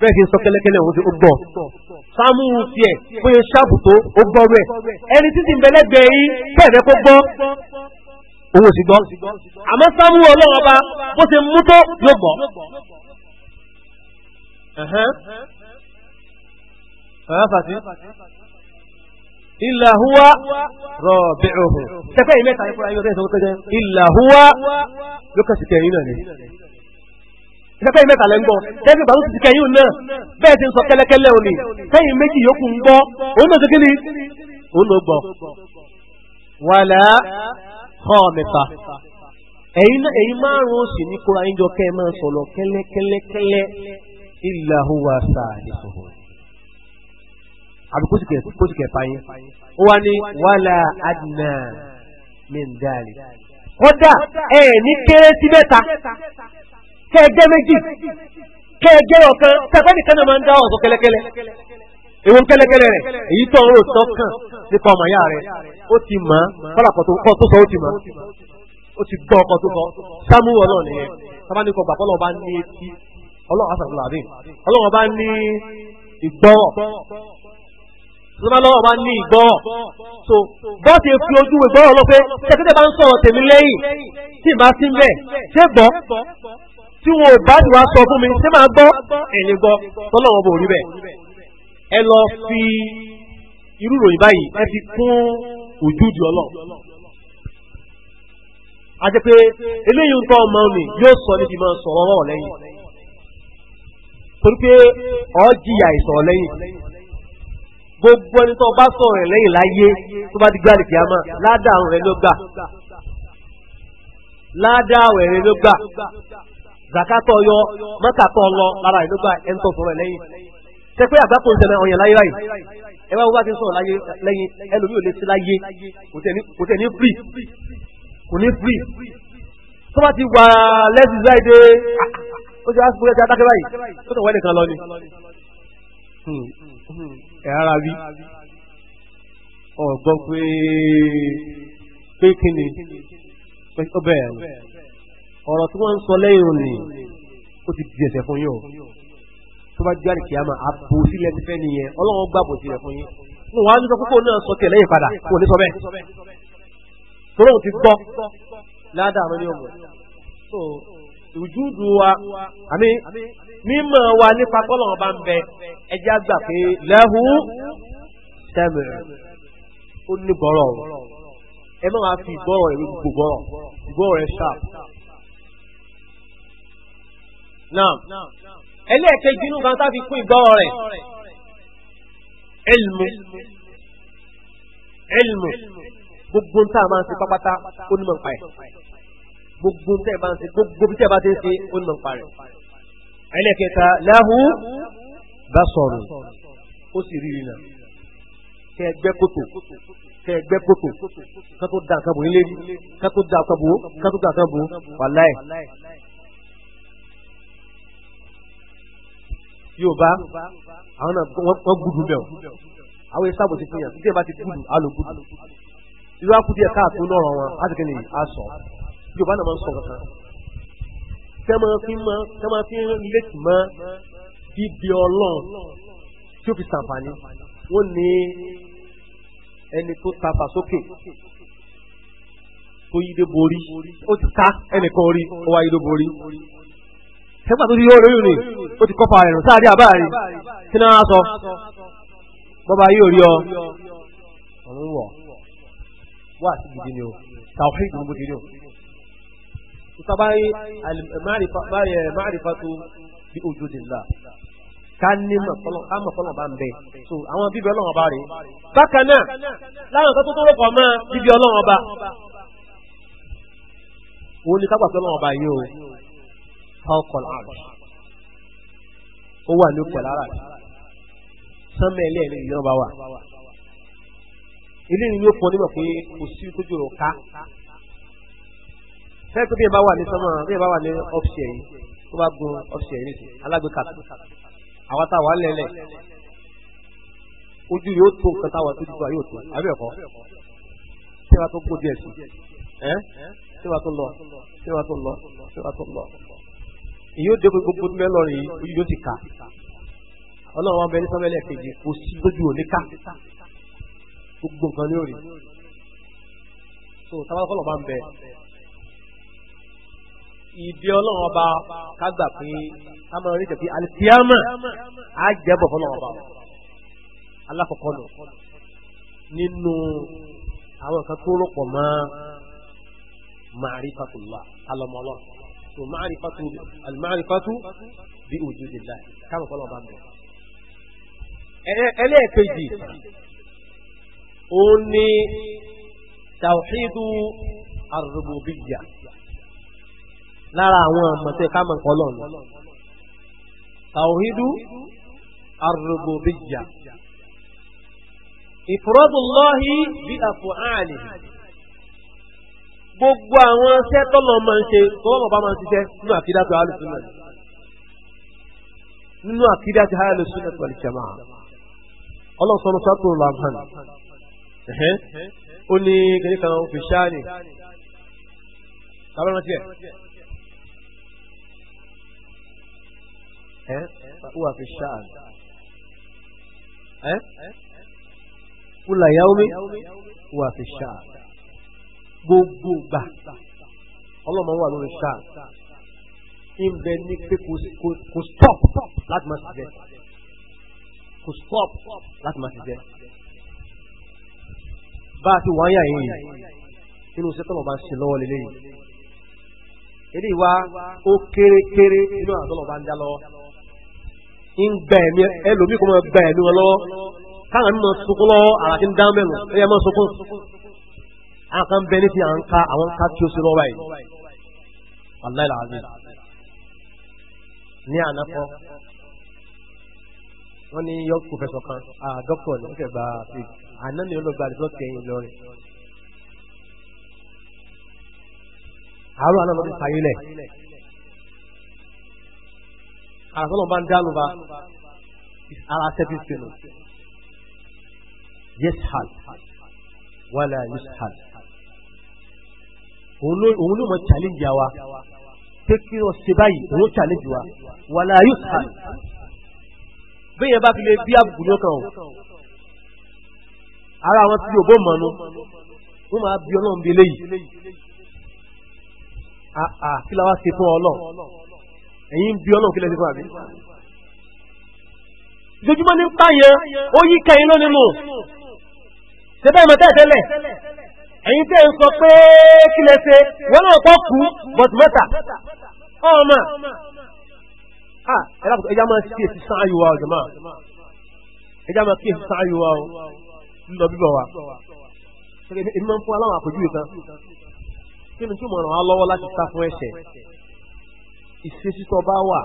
[SPEAKER 1] bẹ́ẹ̀ ti sọ kẹ́lẹ́kẹ́lẹ́ òun ti ó gbọ́ sáàmù tiẹ̀ fún yẹn ṣáàbù tó ó gbọ́ rẹ̀ ẹni títí ń bẹ̀lẹ́gbẹ̀ yìí bẹ́ẹ̀ kó gbọ́ òun ò sì gbọ́ àmọ́ sáàmù ọlọ́run ọba bó ṣe mú tó ló gbọ́. fàáfàtì ilà rọ̀bì ọ̀hún. sẹ́fẹ̀ yìí mẹ́ta ẹ̀kọ́ ayọ́ tẹ̀sán kọ́kọ́ jẹ́ ilà sí kẹ̀yìn náà ni ìfẹ́fẹ́ yìí mẹ́ta lẹ́ ń gbọ́ tẹ́bí ìgbà tó ti kẹ́yìn òun náà bẹ́ẹ̀ ti ń sọ kẹ́lẹ́kẹ́lẹ́ òní tẹ́yìn méjì yòókù ń gbọ́ òun náà kékeré òun ló gbọ́. wàlá khamisa ẹ̀yin náà ẹ̀yin márùn-ún sì ní kóra yín jọ kẹ́ ẹ máa sọ̀rọ̀ kẹ́lẹ́kẹ́lẹ́kẹ́lẹ́ illa huwa àbí kóṣì kẹfà yín ó wá ní wàlá adna min dhalika ẹ̀ ní kéré sí mẹ́ta kẹ́ẹ̀dẹ́ méjì kẹ́ẹ̀dẹ́ ọ̀kan kẹ́ẹ̀dẹ́ nìkan náà máa ń dá ọ̀sán kẹ́lẹ́kẹ́lẹ́ èwo kẹ́lẹ́kẹ́lẹ́ rẹ̀ èyí tó ń rò tó kàn nípa ọmọ ìyá rẹ̀ ó ti mọ̀ ọ́ kọ́lá kọ́ tó sọ ó ti mọ̀ ó ti gbọ́ ọkọ̀ tó kọ́ sámúwọ̀ náà nìyẹn sábà ní kọ́ bàbá ọlọ́run bá ní etí ọlọ́run àṣà ìlú àdéhùn ọlọ́run bá ní ìgbọ́rọ̀ sọ́dọ̀ lọ́wọ́ bá ní ìgbọ́rọ̀ so bọ́ọ̀tì fi ojú ìgbọ́rọ̀ lọ pé tẹ́kẹ́tẹ́ bá ń sọ̀rọ̀ tèmi lẹ́yìn tí ì bá sí ń bẹ̀ ṣé gbọ́ tí wọn ò bá ti wá sọ fún mi ṣé máa gbọ́ ẹ̀yìn gbọ́ tọ́lọ́wọ́n bò rí bẹ́ẹ̀ ẹ lọ fi irú ròyìn báyìí ẹ fi kún ojúdi ọlọ́run àti pé eléyìí ń tọ́ ọmọ mi yóò sọ níbi máa sọ̀rọ̀ ọ̀rọ̀ lẹ́yìn torí pé ọ jìyà ìsọ̀rọ̀ lẹ́yìn gbogbo ẹni tó bá sọ̀rọ̀ rẹ̀ lẹ́yìn láyé tó bá di gbáàlì kìámà ládàá rẹ̀ ló gbà ládàá rẹ̀ ló gbà zakatọ yọ mọkatọ lọ lára ìlú gba ẹni tó sọ̀rọ̀ lẹ́yìn tẹ pé àgbákò ń tẹmẹ ọyàn láyé láyé ẹ wá wá ti sọ̀rọ̀ láyé lẹ́yìn ẹlòmí ò lè ti láyé kò tẹ ní free kò ní free tó bá ti wà lẹ́sìn láìdé ó ti wá sí pé adákẹ́ báyìí tó tọ̀ wẹ́nìkan lọ ni
[SPEAKER 2] hmm, hmm, ẹ̀ ara rí
[SPEAKER 1] ọ̀gbọ́n pé pé kíni ọbẹ̀ ẹ̀ ọ̀rọ̀ tí wọ́n ń sọ lẹ́yìn òní ó ti di ẹ̀ṣẹ̀ fún yín o tó bá jáde kìí àmà àbò sílẹ̀ ti fẹ́ nìyẹn ọlọ́run gbà bò sílẹ̀ fún yín mo wàá nígbà púpọ̀ náà sọ tẹ̀lé yìí padà kò ní sọ bẹ́ẹ̀ tóró ti gbọ́ ládàá àmọ́ ní ọ̀gbọ̀n so ìjúdu wa àmì mímọ̀ wa nípa kọ́lọ́run bá ń bẹ ẹjẹ́ àgbà pé lẹ́hu sẹ́mi ó ní gbọ́rọ̀ ẹ má fi gbọ́rọ̀ ìwé gbogbo gbọ́rọ̀ gbọ́rọ̀ ẹ ṣáà náà ẹlẹ́ẹ̀kejì inú kan sáfi kún ìgbọ́ rẹ̀ ilmu ilmu gbogbo ntá máa ń ṣe pápátá onímọ̀ npa ẹ̀ gbogbo ntá máa ń ṣe gbogbo bí tẹ́ bá ti ń ṣe onímọ̀ npa rẹ̀ ẹlẹ́ẹ̀kẹta lahu basarun ó sì rí iná kẹ ẹgbẹ́ kòtò kẹ ẹgbẹ́ kòtò kátó da àkàbò ilé kátó da àkàbò kátó da àkàbò wàláì yóò bá àwọn náà wọ́n gbúdú bẹ́ẹ̀ o àwọn ìsáàbò ti fún yàn títí ẹ bá ti gbúdú alo gbúdú irú akudi ẹ káàtó lọ́rọ̀ wọn láti kí ni a sọ yorùbá náà máa ń sọ kankan tẹmọ fi mọ tẹmọ fi létí mọ bíbi Ọlọ́run tí ó fi sàǹfààní wọn ní ẹni tó ta fà sókè tó yí dé borí ó ti ta ẹnìkan rí ó wá yí dé borí sẹ́gbà tó ti yọ lóyún ni ó ti kọ́pa ẹ̀rùn sáà dé àbáyé kí náà sọ bọ́ba yìí ò rí ọ ọ̀run wọ̀ wá sí gidi ni o tàwọn ìdùnnú bó ti rí o. ìtàbáyé máàrífàtú bí ojú ti là ká ní àmọ̀ fọlọ̀ bá ń bẹ so àwọn bíbí ọlọ́run ọba rè bákan náà láwọn kan tó tó rọ̀pọ̀ mọ́ bíbí ọlọ́run ọba òun ni ká gbà pé ọlọ́run ọba yìí o fawqa al-arsh ó wà ní pẹ̀lára sánmà ẹlẹ́ẹ̀lẹ́ ìyọ́n bá wà ilé ni yóò pọ̀ nígbà pé kò sí tójú rò ká fẹ́ẹ́ tó bí ẹ bá wà ní sánmà bí ẹ bá wà ní ọ́fíìsì ẹ̀yìn tó bá gun ọ́fíìsì ẹ̀yìn nìsín alágbèéká àwọn táwa lẹ́lẹ̀ ojú yóò tó nǹkan táwa tó dùgbà yóò tó àbí ẹ̀kọ́ tí wàá tó kó díẹ̀ sí ẹ́ tí wàá tó lọ tí wàá tó lọ tí wàá tó lọ èyí ó dé gbogbo tó mẹ́lọ rè ojú ló ti kà ọlọ́run ọbẹ̀ ní sọ́mẹ́lẹ̀ kejì kò sí lójú òní ká gbogbo nǹkan ní òrì so tábàkọ́lọ̀ bá ń bẹ ìdí ọlọ́run ọba ká gbà pé ká máa rí jẹ̀ pé alikiyama á jẹ́bọ̀ fọlọ́run ọba alákọ̀ọ́kọ́ nù nínú àwọn nǹkan tó rọ̀pọ̀ mọ́ màrífàtúlá alọ́mọlọ́run so ma'rifatu al-ma'rifatu bi wujudillah káwọn kọ́ lọ́ba bẹ̀. ẹlẹ́ẹ̀kejì òun ni tawhidu ar-rububiyyah lára àwọn àmọ̀tẹ́ káwọn kọ́ lọ́nà tawhidu ar-rububiyyah ifradu Allahi bi gbogbo àwọn iṣẹ́ tọ́lọ̀ máa ń ṣe tọ́lọ̀ bá máa ń ṣiṣẹ́ nínú àkídá tó hálù súnà nínú àkídá tó hálù súnà tó àlìjàmá ọlọ́sọ̀rọ̀ sátò làmhàn ó ní kìnní kan fi ṣáàní tàbí rántí ẹ̀ wà fi ṣáàní kúlà yáwó mi wà fi gbogbo gbà ọlọ́mọ wà lórí ṣáà ìbẹ̀ ni pé kò stop láti máa ṣiṣẹ́ kò stop láti máa ṣiṣẹ́ bá a ti wáyà yìí nínú iṣẹ́ tọ́lọ̀ bá ń ṣe lọ́wọ́ lélẹ́yìn èdè wa ó kéré kéré nínú àtọ́lọ̀ bá ń dá lọ́wọ́ ń gbà ẹ̀mí ẹlòmíkọ́ máa gbà ẹ̀mí wọn lọ́wọ́ káwọn mímọ sunkún lọ́wọ́ àràtí ń dá mẹ́nu ẹ̀yẹ máa sunkún àwọn kan bẹ ní ti à ń ka àwọn ká tí ó ṣe lọ́wọ́ yìí aláìlá àbí ní ànáfọ́ wọ́n ní yọ pòfẹ́sọ̀ kan dókítà ní ìfẹ́ gba fíìd àná ni olóògbé àdìsọ́ kẹyìn lọ́rẹ̀ àárọ̀ àná ló ti fàyè lẹ̀ àràsọ́nà bá ń dánù bá ara tẹ́tí sínú yẹ́sàl wàlà yẹ́sàl òun ló mọ̀ challenge wa pé kí wọ́n ṣe báyìí òun challenge wa wàlá yóò sàn bẹ́yẹn bá fi lè bí àbùkù lọ́kàn o ara àwọn tí yòbó mọ̀nu wọ́n máa bí ọlọ́run bí eléyìí àà kí la wá ṣe fún ọlọ́run ẹ̀yin bí ọlọ́run kí lẹ́ ṣe fún àbí. ìjọjúmọ́ ní pààyàn ó yí kẹyìn lónìí nù ṣẹ́bẹ́ ìmọ̀tẹ́ẹ̀tẹ́lẹ̀ ẹ̀yin tẹ́ ń sọ pé kí lẹ ṣe wọ́n náà kọ́ kú but mẹ́ta ọmọ ẹja máa kí èsì sáà yíwa ọjọ́ máa ẹja máa kí èsì sáà yíwa ọ lọ bíbọ̀ wa èmi máa ń fún aláwọ̀ àpèjúwe kan kí ni tí mo ràn á lọ́wọ́ láti sá fún ẹ̀ṣẹ̀ ìṣesítọ́ bá wà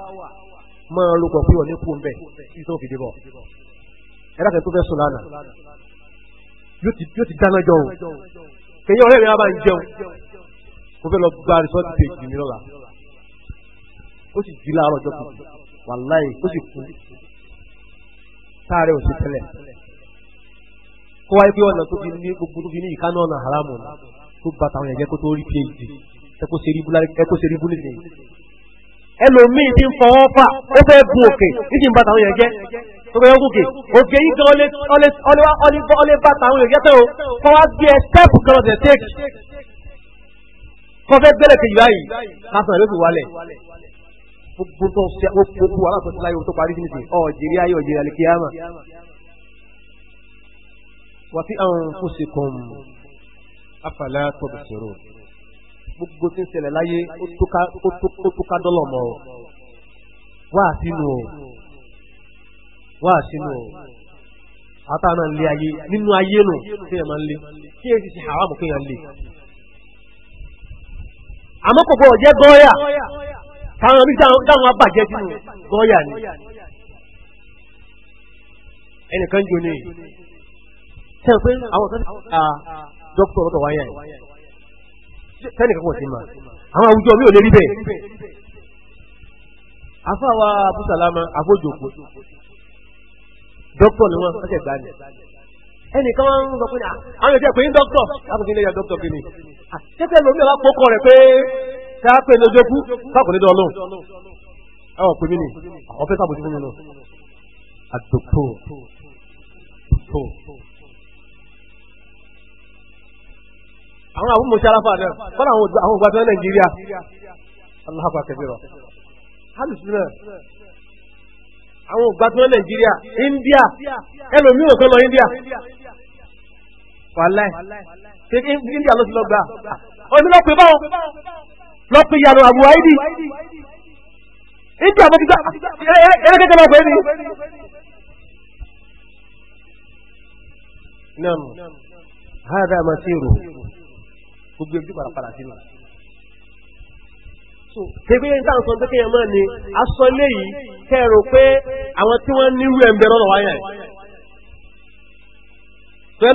[SPEAKER 1] máa lókọ̀ pé wọ́n ní kú ń bẹ̀ tí tó fi dìbọ̀ ẹ̀rọ kan tó fẹ́ sùn lánàá yóò ti dáná jọ
[SPEAKER 2] òun
[SPEAKER 1] kẹyìn ọ̀rẹ́ mi wá bá ń jẹun mo fẹ́ lọ gba rìsọ́ọ̀tì péjì mi lọ́la ó sì jí láàárọ̀ ọjọ́ kejì wàláì ó sì kú táàrẹ̀ ò sí tẹ́lẹ̀ kó wáyé pé ọ̀nà tó fi ní gbogbo tó fi ní ìkánná ọ̀nà haramu ni tó ba tàwọn ẹ̀jẹ̀ kó tó rí phd ẹ̀kọ́ ṣe ríbú nìyẹn ẹlòmíì ti ń fọwọ́ fà ó fẹ́ gun òkè ní ti ń ba tàwọn ẹ̀jẹ̀ tókè yóò gòkè òkè yìí gan ọlẹ́ bá tàwọn èèyàn yẹ́tẹ̀ o kọ́ wá gbé ẹ stẹ́ẹ̀pù kan ọ̀sẹ̀ tẹ́ẹ̀kì kọ́ fẹ́ gbẹ́lẹ̀ kejì báyìí lásán ló fi wálẹ̀ gbogbo tó ṣe gbogbo wàhálà tó ti láyé tó parí nísìnyí ọ̀jẹ̀rí ayé ọ̀jẹ̀rí alikiyama wàfi anfusikum afala tubsirun gbogbo tí ń ṣẹlẹ̀ láyé ó tó ká dọ́lọ̀ mọ́ wá sínú o wá sínú àtàwọn ilé ayé nínú ayé nù tí ẹ máa ń lé tí èsì ṣe haramu pé yàn lé àmọ́ kòkò ọ̀jẹ́ gọ́ọ̀yà táwọn bí táwọn abàjẹ́ sínú gọ́ọ̀yà ni ẹnìkan jò ní tẹ́ pé àwọn kan ta dókítà ọ̀dọ̀ wáyà yìí tẹ́nìkan pọ̀ sí ma àwọn àwùjọ mi ò lè rí bẹ́ẹ̀ afáwa abúsàlámà àfojòkó dókítà ni wọ́n ṣẹ̀ṣẹ̀ gbà ní. ẹnìkan wọn ń sọ pé àwọn ìṣe ìpín dókítà láti fi lè yọ dókítà bí ṣẹ́ṣẹ́ lomi ọ̀la kókó rẹ̀ pé ṣe á pè lójú kú káàkiri dán ẹ wọ́n pè mí ni fẹ́ sàbòsí fún mi àdókò tó. àwọn àwọn mọ̀ṣẹ́ náà àwọn ògbà tó àwọn ògbà tí nàìjíríà india ẹlòmíì ò lọ india wàláì ṣe india ló ti lọ gbà ọdún báwọn lọ yàrá àbúrò àìdí india mo ti gbà
[SPEAKER 2] ẹlẹ́kẹ́kẹ́ lọ pé ní.
[SPEAKER 1] nam hada masiru gbogbo ẹbí tẹ́gbẹ́ yẹn tàn sọ pé kéèyàn máa ní aṣọ léyìí kẹ́rò pé àwọn tí wọ́n ní ẹ̀ ń bẹ̀rọ̀ lọ́wọ́ yẹn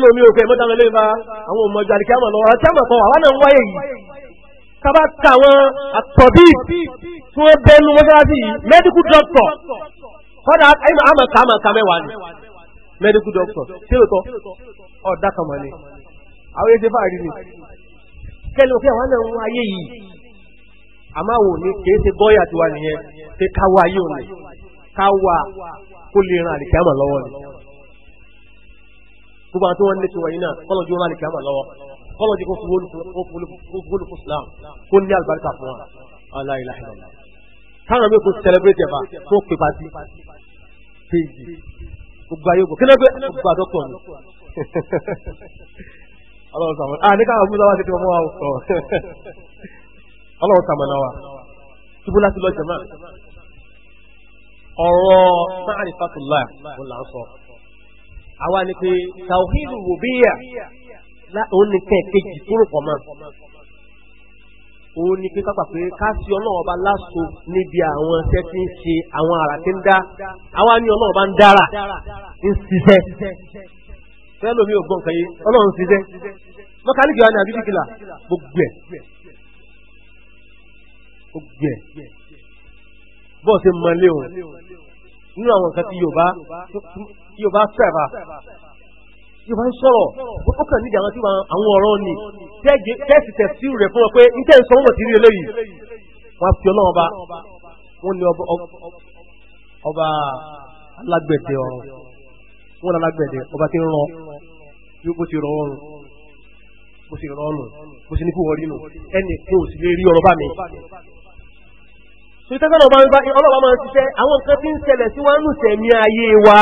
[SPEAKER 1] omi òfin mọ́ta mẹ́lẹ́ bá àwọn ọmọ àdìkẹ́ àmọ̀ lọ́wọ́ àti àmọ̀ kan àwọn náà ń wáyé yìí sábà ka àwọn àtọ̀bí tí wọ́n yìí kọ́dà àmáwò ní kéèké gọ́yà tiwa nìyẹn pé káwa yóò ní káwa kó lè ran àlìkàmà lọ́wọ́ ni. gbogbo àwọn tí wọ́n ní tiwa yìí náà kọ́lọ̀ jù wọn àlìkàmà lọ́wọ́ kọ́lọ̀ jù kó fúwọ́lù fún Islam kó ní àlùbáríkà fún wa aláìláìláìlá. káwọn mi kò sẹlẹbírẹtì ẹ̀fà tó pè pàtì péjì gbogbo ayé gbogbo kílẹ̀ pé gbogbo àdọ́kọ̀ ni. ọlọ́run sàmúlò à ní káwọn fúnra wá sí ti wọ́n mọ́ wa kọ̀. ọlọ́run tàmánà wa síbú láti lọ jẹ̀mọ́ ọ̀rọ̀ ma'rifatullah ló là ń sọ àwa ni pé tawhid rububiyya òun ni kẹ́ kejì tó rò pọ̀ mọ́ òun ni pé kápá pé ká sí ọlọ́run ọba láṣọ níbi àwọn iṣẹ́ tí ń ṣe àwọn àrà tí ń dá àwa ni ọlọ́run ọba ń dára ń ṣiṣẹ́ fẹ́ lómi ò gbọ́n kẹ́yìn ọlọ́run ń ṣiṣẹ́ mọ́kálíkì wa ni àbí kìkìlà gbogbo ẹ̀ gbẹ̀ bọ́ọ̀sẹ̀ mọ́lé òun nínú àwọn nǹkan tí Yorùbá fẹ́ra Yorùbá ń sọ̀rọ̀ ó kàn nídìí àwọn tí àwọn ọ̀rọ̀ ni tẹ́ẹ̀sì tẹ̀sí rẹ̀ fún ọ pé ní tẹ́ẹ̀ sọ wọ́n ti rí eléyìí wọ́n á fi ọlọ́wọ́ bá wọ́n ní ọba
[SPEAKER 2] alágbẹ̀dẹ ọ̀rọ̀
[SPEAKER 1] wọ́n lálágbẹ̀dẹ ọba tí ń rọ bí ó ti rọ ọrùn bó ti rọ ọrùn bó ti ní kú wọ́n rí nù ẹnì kó o sì lè rí ọ̀rọ̀ so ìtẹ́sọ́lọ̀ bá ń bá ọlọ́wà máa ń ṣiṣẹ́ àwọn nǹkan tí ń ṣẹlẹ̀ sí wọ́n ń ṣẹ̀ ní ayé wa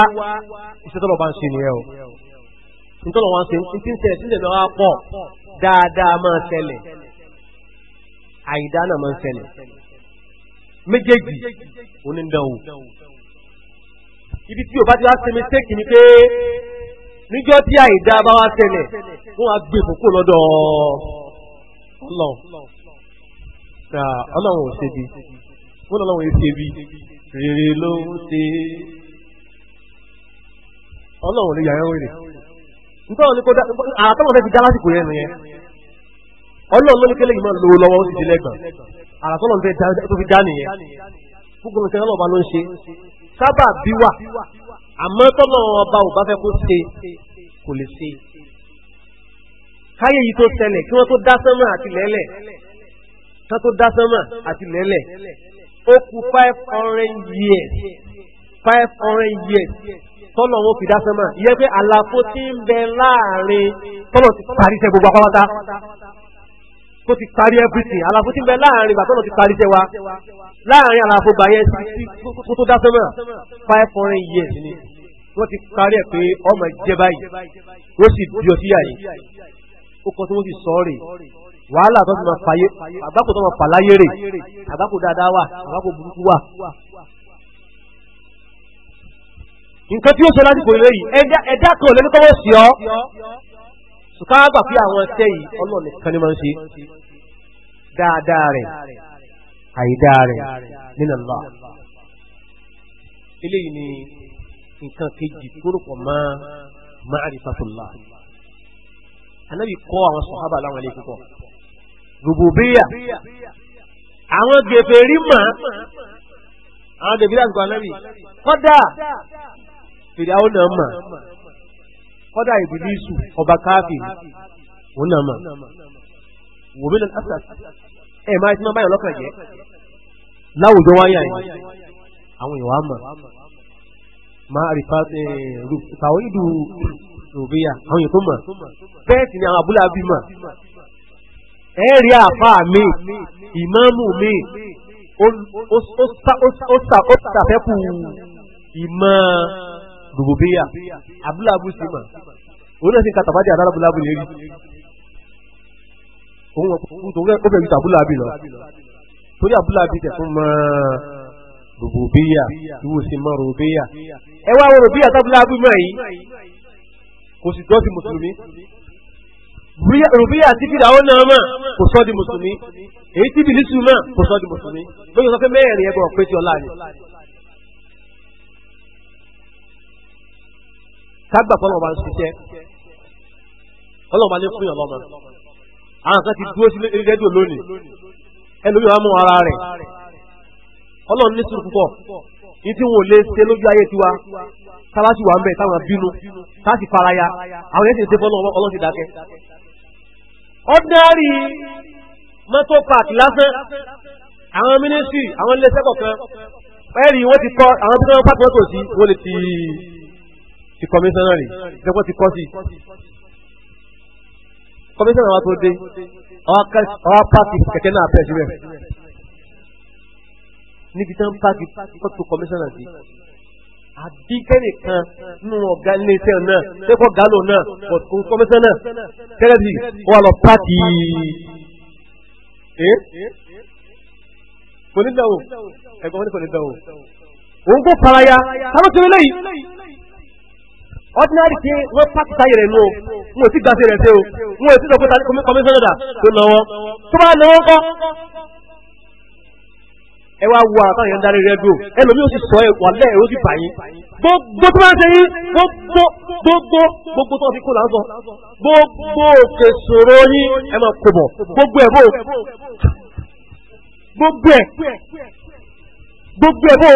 [SPEAKER 1] ìṣẹ́tọ́lọ̀ bá ń ṣe nìyẹn o ìtọ́lọ̀ wọn ṣe tí ń ṣẹlẹ̀ sí ìṣẹ̀lẹ̀ wa pọ̀ dáadáa máa ṣẹlẹ̀ àìdá náà máa ń méjèèjì onídànwò ibi tí o bá ti wá ṣe mistake ni pé níjọ́ tí àìdá bá wá ṣẹlẹ̀ wọ́n á gbé lọ́dọ̀ ọlọ́run ọlọ́run ò ṣe bíi wọ́n lọ́wọ́ yìí ṣe bí rere ló ń ṣe ọlọ́run lè yàrá wẹ̀rẹ̀ nítorí ní kó dá àtọ́wọ́n fẹ́ fi dá lásìkò yẹn nìyẹn ọlọ́run ló ní kélé yìí máa lọ́wọ́ ó sì di lẹ́gbọ̀n àtọ́wọ́n fẹ́ tó fi dá nìyẹn gbogbo nǹkan ọlọ́ọ̀bá ló ń ṣe sábà bí wà àmọ́ tọ́lọ́ ọba ò bá fẹ́ kó ṣe kò lè ṣe káyé yìí tó ṣẹlẹ̀ kí wọ́n tó dá sánmà ó kú five hundred years five hundred years tọ́lọ̀ wọn fi dá sẹ́mà yẹ pé àlàfo ti ń bẹ láàrin tọ́lọ̀ ti parí sẹ́ gbogbo apáwátá tó ti parí everything àlàfo ti ń bẹ láàrin ìgbà tọ́lọ̀ ti parí sẹ́ wa láàrin àlàfo gbà yẹn sí kó tó dá sẹ́mà five hundred years ni wọ́n ti parí ẹ̀ pé ọmọ jẹ báyìí wọ́n sì di ọtí yà yìí ó kọ́ tí wọ́n sì sọ wàhálà tó ti máa fàyè àgbákò tó máa fà láyé rè àgbákò dáadáa wà àgbákò burúkú wà. nǹkan tí ó ṣe lásìkò ilé yìí ẹ̀dá kan lè ní kọ́wọ́ sí ọ́ ṣùkáàgbà fi àwọn ẹsẹ̀ yìí ọlọ́ọ̀nì kan ní máa ń ṣe dáadáa rẹ̀ àìdáa rẹ̀ nínú ọ̀la. eléyìí ni nǹkan kejì tó rò pọ̀ mọ́ ma'rifatullah. anábì kọ́ àwọn sọ̀hábà láwọn ilé púpọ̀ rùbùbíyà àwọn gèfèrí mọ̀ àwọn gèfèrí àsìkò ànábì kọ́dà fèrè àwọn náà mọ̀ kọ́dà ìbílísù ọba káàfì òun náà mọ̀ wòmí lọ sásà ẹ̀ máa ti máa báyọ̀ lọ́kàn jẹ́ láwùjọ wáyà yìí àwọn ìwà mọ̀ máa rí fàáwọ̀ ìdù rùbíyà àwọn ètò mọ̀ bẹ́ẹ̀ sì ni àwọn abúlé abí mọ̀ ẹ̀rí àfá mi ìmáàmù mi ó sàfẹ́kù ìmọ̀ rògbòbíyà abúlábù sí mà òun náà sì ń ka tàbájà alábùlábù lérí òun ọkùnrin tó ó bẹ̀rù tàbúlábì lọ torí abúlábì tẹ̀ fún mọ́ rògbòbíyà ìwò sí mọ́ rògbòbíyà ẹ wá rògbòbíyà tàbúlábù mọ́ yìí kò sì jọ́ sí mùsùlùmí rùbíyà tí fìdáwọ́ náà mọ̀ kò sọ́ di mùsùlùmí èyí tí bìlísù mọ̀ kò sọ́ di mùsùlùmí bóyá sọ pé mẹ́rin ẹgbẹ́ ọ̀pẹ́ ti ọ̀la ni. kágbà fọlọ́ ọba ń ṣiṣẹ́ ọlọ́ọ̀ba ní fún yàn lọ́mọ àwọn kan ti dúró sí rédíò lónìí ẹlòmíràn wà mú ara rẹ̀ ọlọ́run ní sùúrù púpọ̀ ní tí wọn ò lè ṣe lójú ayé tiwa táwa sì wà ń bẹ̀ táwọn bínú táà sì faraya àwọn yẹn sì ń ṣe fọlọ́ ọlọ́run ordinary mọ́tò park lásán àwọn ministry àwọn iléeṣẹ́ kọ̀ọ̀kan ẹ̀rí wọ́n ti kọ́ àwọn tí wọ́n pàtó mọ́tò sí wọ́n lè ti ti commissionary ìjọba ti kọ́ sí commissioner wa tó dé ọwọ́ pààkì kẹ̀kẹ́ náà pẹ̀ síbẹ̀ níbi tí wọ́n pààkì kọ́tù commissioner sí àbí kẹ́nìkan nínú ọ̀gá iléeṣẹ́ náà tẹ́kọ̀ọ́ gálò náà kò kọ́mẹ́sẹ́ náà tẹ́lẹ̀ bí wà lọ pàtì ẹ́ kò ní dánwò ẹ̀gbọ́n ní kò ní dánwò òun kò faraya táwọn tó lélẹ́yìí ordinary pé wọ́n pàtì táyì rẹ̀ nù o wọn ò sì gbàsẹ̀ rẹ̀ sí o wọn ò sì lọ pé kọ́mẹ́sẹ́ náà tó lọ́wọ́ tó bá lọ́wọ́ kọ́ ẹ wá wo àtàwọn èèyàn darí rẹ́díò ẹlòmí ò sì sọ ẹ wà lẹ́ẹ̀ ó sì bà yín gbogbo tó bá ń ṣe yín gbogbo gbogbo gbogbo tó fi kó lásán gbogbo òkè sòro yín ẹ máa kó bọ̀ gbogbo ẹ̀ bò gbogbo ẹ̀ gbogbo ẹ̀ bò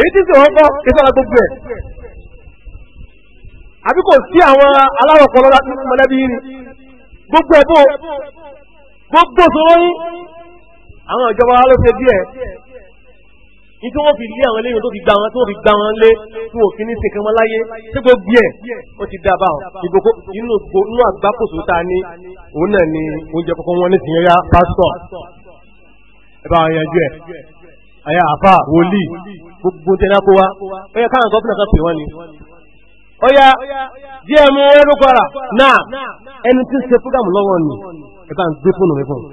[SPEAKER 1] èyí tí sọ̀rọ̀ kọ́ kí sọ̀rọ̀ gbogbo ẹ̀ àbí kò sí àwọn aláwọ̀ kan lọ́la mọ̀lẹ́bí yín ni gbogbo ẹ̀ bò gbogbo sòro yín àwọn ìjọba ló ṣe díẹ̀ ní tí wọ́n fi lé àwọn eléyìn tó fi gba wọn tó fi gba wọn lé fún òfin ní ṣe kan láyé tí kò bí ẹ̀ ó ti dá ìgbòkó inú inú àgbákòsó ta ní òun náà ni oúnjẹ kọ́kọ́ wọn ní tìyẹn yá pásítọ̀ ẹ bá wọn yanjú ẹ̀ àyà àfà wòlíì gbogbo tẹ náà kó wa ó yẹ káwọn gọ́fìnà kan pè wọ́n ni ó yá díẹ̀ mú ẹrú kọ́ra náà ẹni tí ń ṣe fúgàmù lọ́wọ́ ni ẹ bá ń gbé fóònù mi fún un.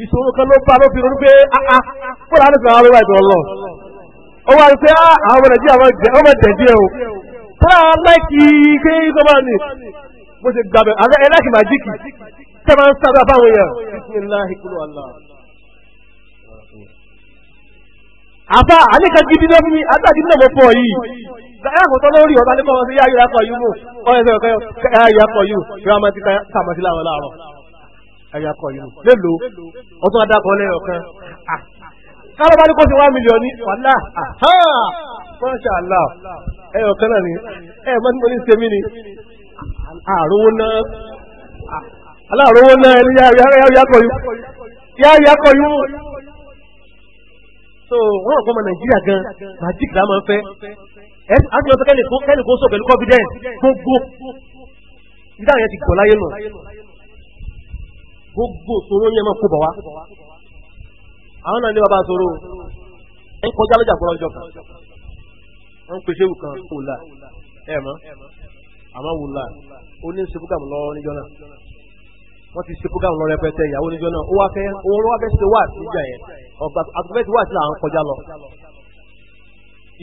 [SPEAKER 1] ìṣòro kan ló bá ló fi ronú pé áá ah, ah, fúnra ní sọ̀rọ̀ àwọn ìdùn ọlọ́ ó O rí pé ah, àwọn ọmọ nàìjíríà wọn jẹ ọmọ o fúnra láìkí pé gọ́mà ni mo ṣe gbàgbé àti ẹlẹ́kì màjíkì tẹ́ máa ń sábà fáwọn èèyàn àfa àníkà gidi náà fún mi àtàkì náà mo fọ yìí láyàkùtọ́ lórí ọ̀tá ní kọ́ wọn sí yáyọ akọ̀ yìí mú akọ̀ yìí kí wọ́n máa ti láwọn ẹ̀yà kọ̀ yìí lélo ọtún adakọ̀ lẹ́yọ̀ kan kálọ́bá ní kó ti wá mílíọ̀nù wàlá Masha Allah ẹ̀yọ̀ kan náà ni ẹ̀ mọ́ ní sẹ́mi ni àrówó náà aláàrówó náà ẹni yáyà kọ̀ yìí yáyà kọ̀ yìí so wọn kọ́ ọmọ nàìjíríà gan magic la máa ń fẹ́ ẹ àti ọ̀sẹ̀ kẹ́lẹ̀kọ́ sọ pẹ̀lú confidence gbogbo ìdáhùn yẹn ti gbọ̀ láyé nù gbogbo sòrò yẹn máa kó bọ̀ wá. àwọn náà ní bàbá sòrò ẹ kọjá lọ́jà gbọ́dọ̀ jọ kan wọ́n ń pèsè ìwùkan kò là ẹ̀ mọ́ àmọ́ wò là ó ní ṣe fúgàmù lọ níjọ́ náà wọ́n ti ṣe fúgàmù lọ rẹpẹtẹ ìyàwó níjọ́ náà ó wá fẹ́ òun ló wá fẹ́ ṣe wá níjà yẹn ọgbà àtúntò wá sí àwọn kọjá lọ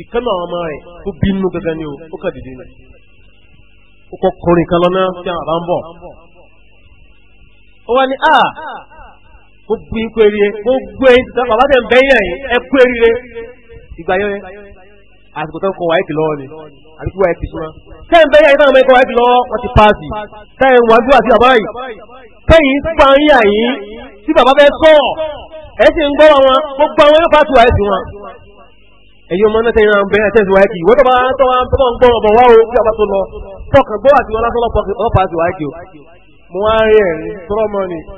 [SPEAKER 1] ìkànnà ọmọ rẹ̀ tó bínú gẹ́gẹ́ ni ó kàn dìde ni ó kọ kọrin kan lọ náà tí àwọn àbá ń bọ̀ ó wá ní à gbogbo ikú eré gbogbo ẹyin tí bàbá tẹ̀ ń bẹ́ yẹn yìí ẹ kú eré ìgbà yẹn àsìkò tó ń kọ wáyé ti lọ́wọ́ ni àti kí wáyé ti súná. sẹ́yìn bẹ́ẹ̀ yẹn táwọn ọmọ ẹ̀kọ́ wáyé ti lọ́wọ́ wọ́n ti paasi sẹ́yìn wọ́n bí wà sí bàbá yìí sẹ́yìn pa ń yà yín tí bàbá fẹ́ sọ̀rọ̀ ẹ̀ sì ń gbọ́ wọn gbogbo àwọn yóò paasi wáyé ti wọn ẹ̀yin ọmọ náà tẹ̀yìn àwọn bẹ́ẹ̀ tẹ̀sí wáyé kì í wọ́n tó bá ń gbọ́ ọ̀bọ̀ wá o bí ọba tó lọ tọkàn gbọ́ àti wọn lásán lọ́pàá sí wáyé kì í mo wá rí ẹ̀rín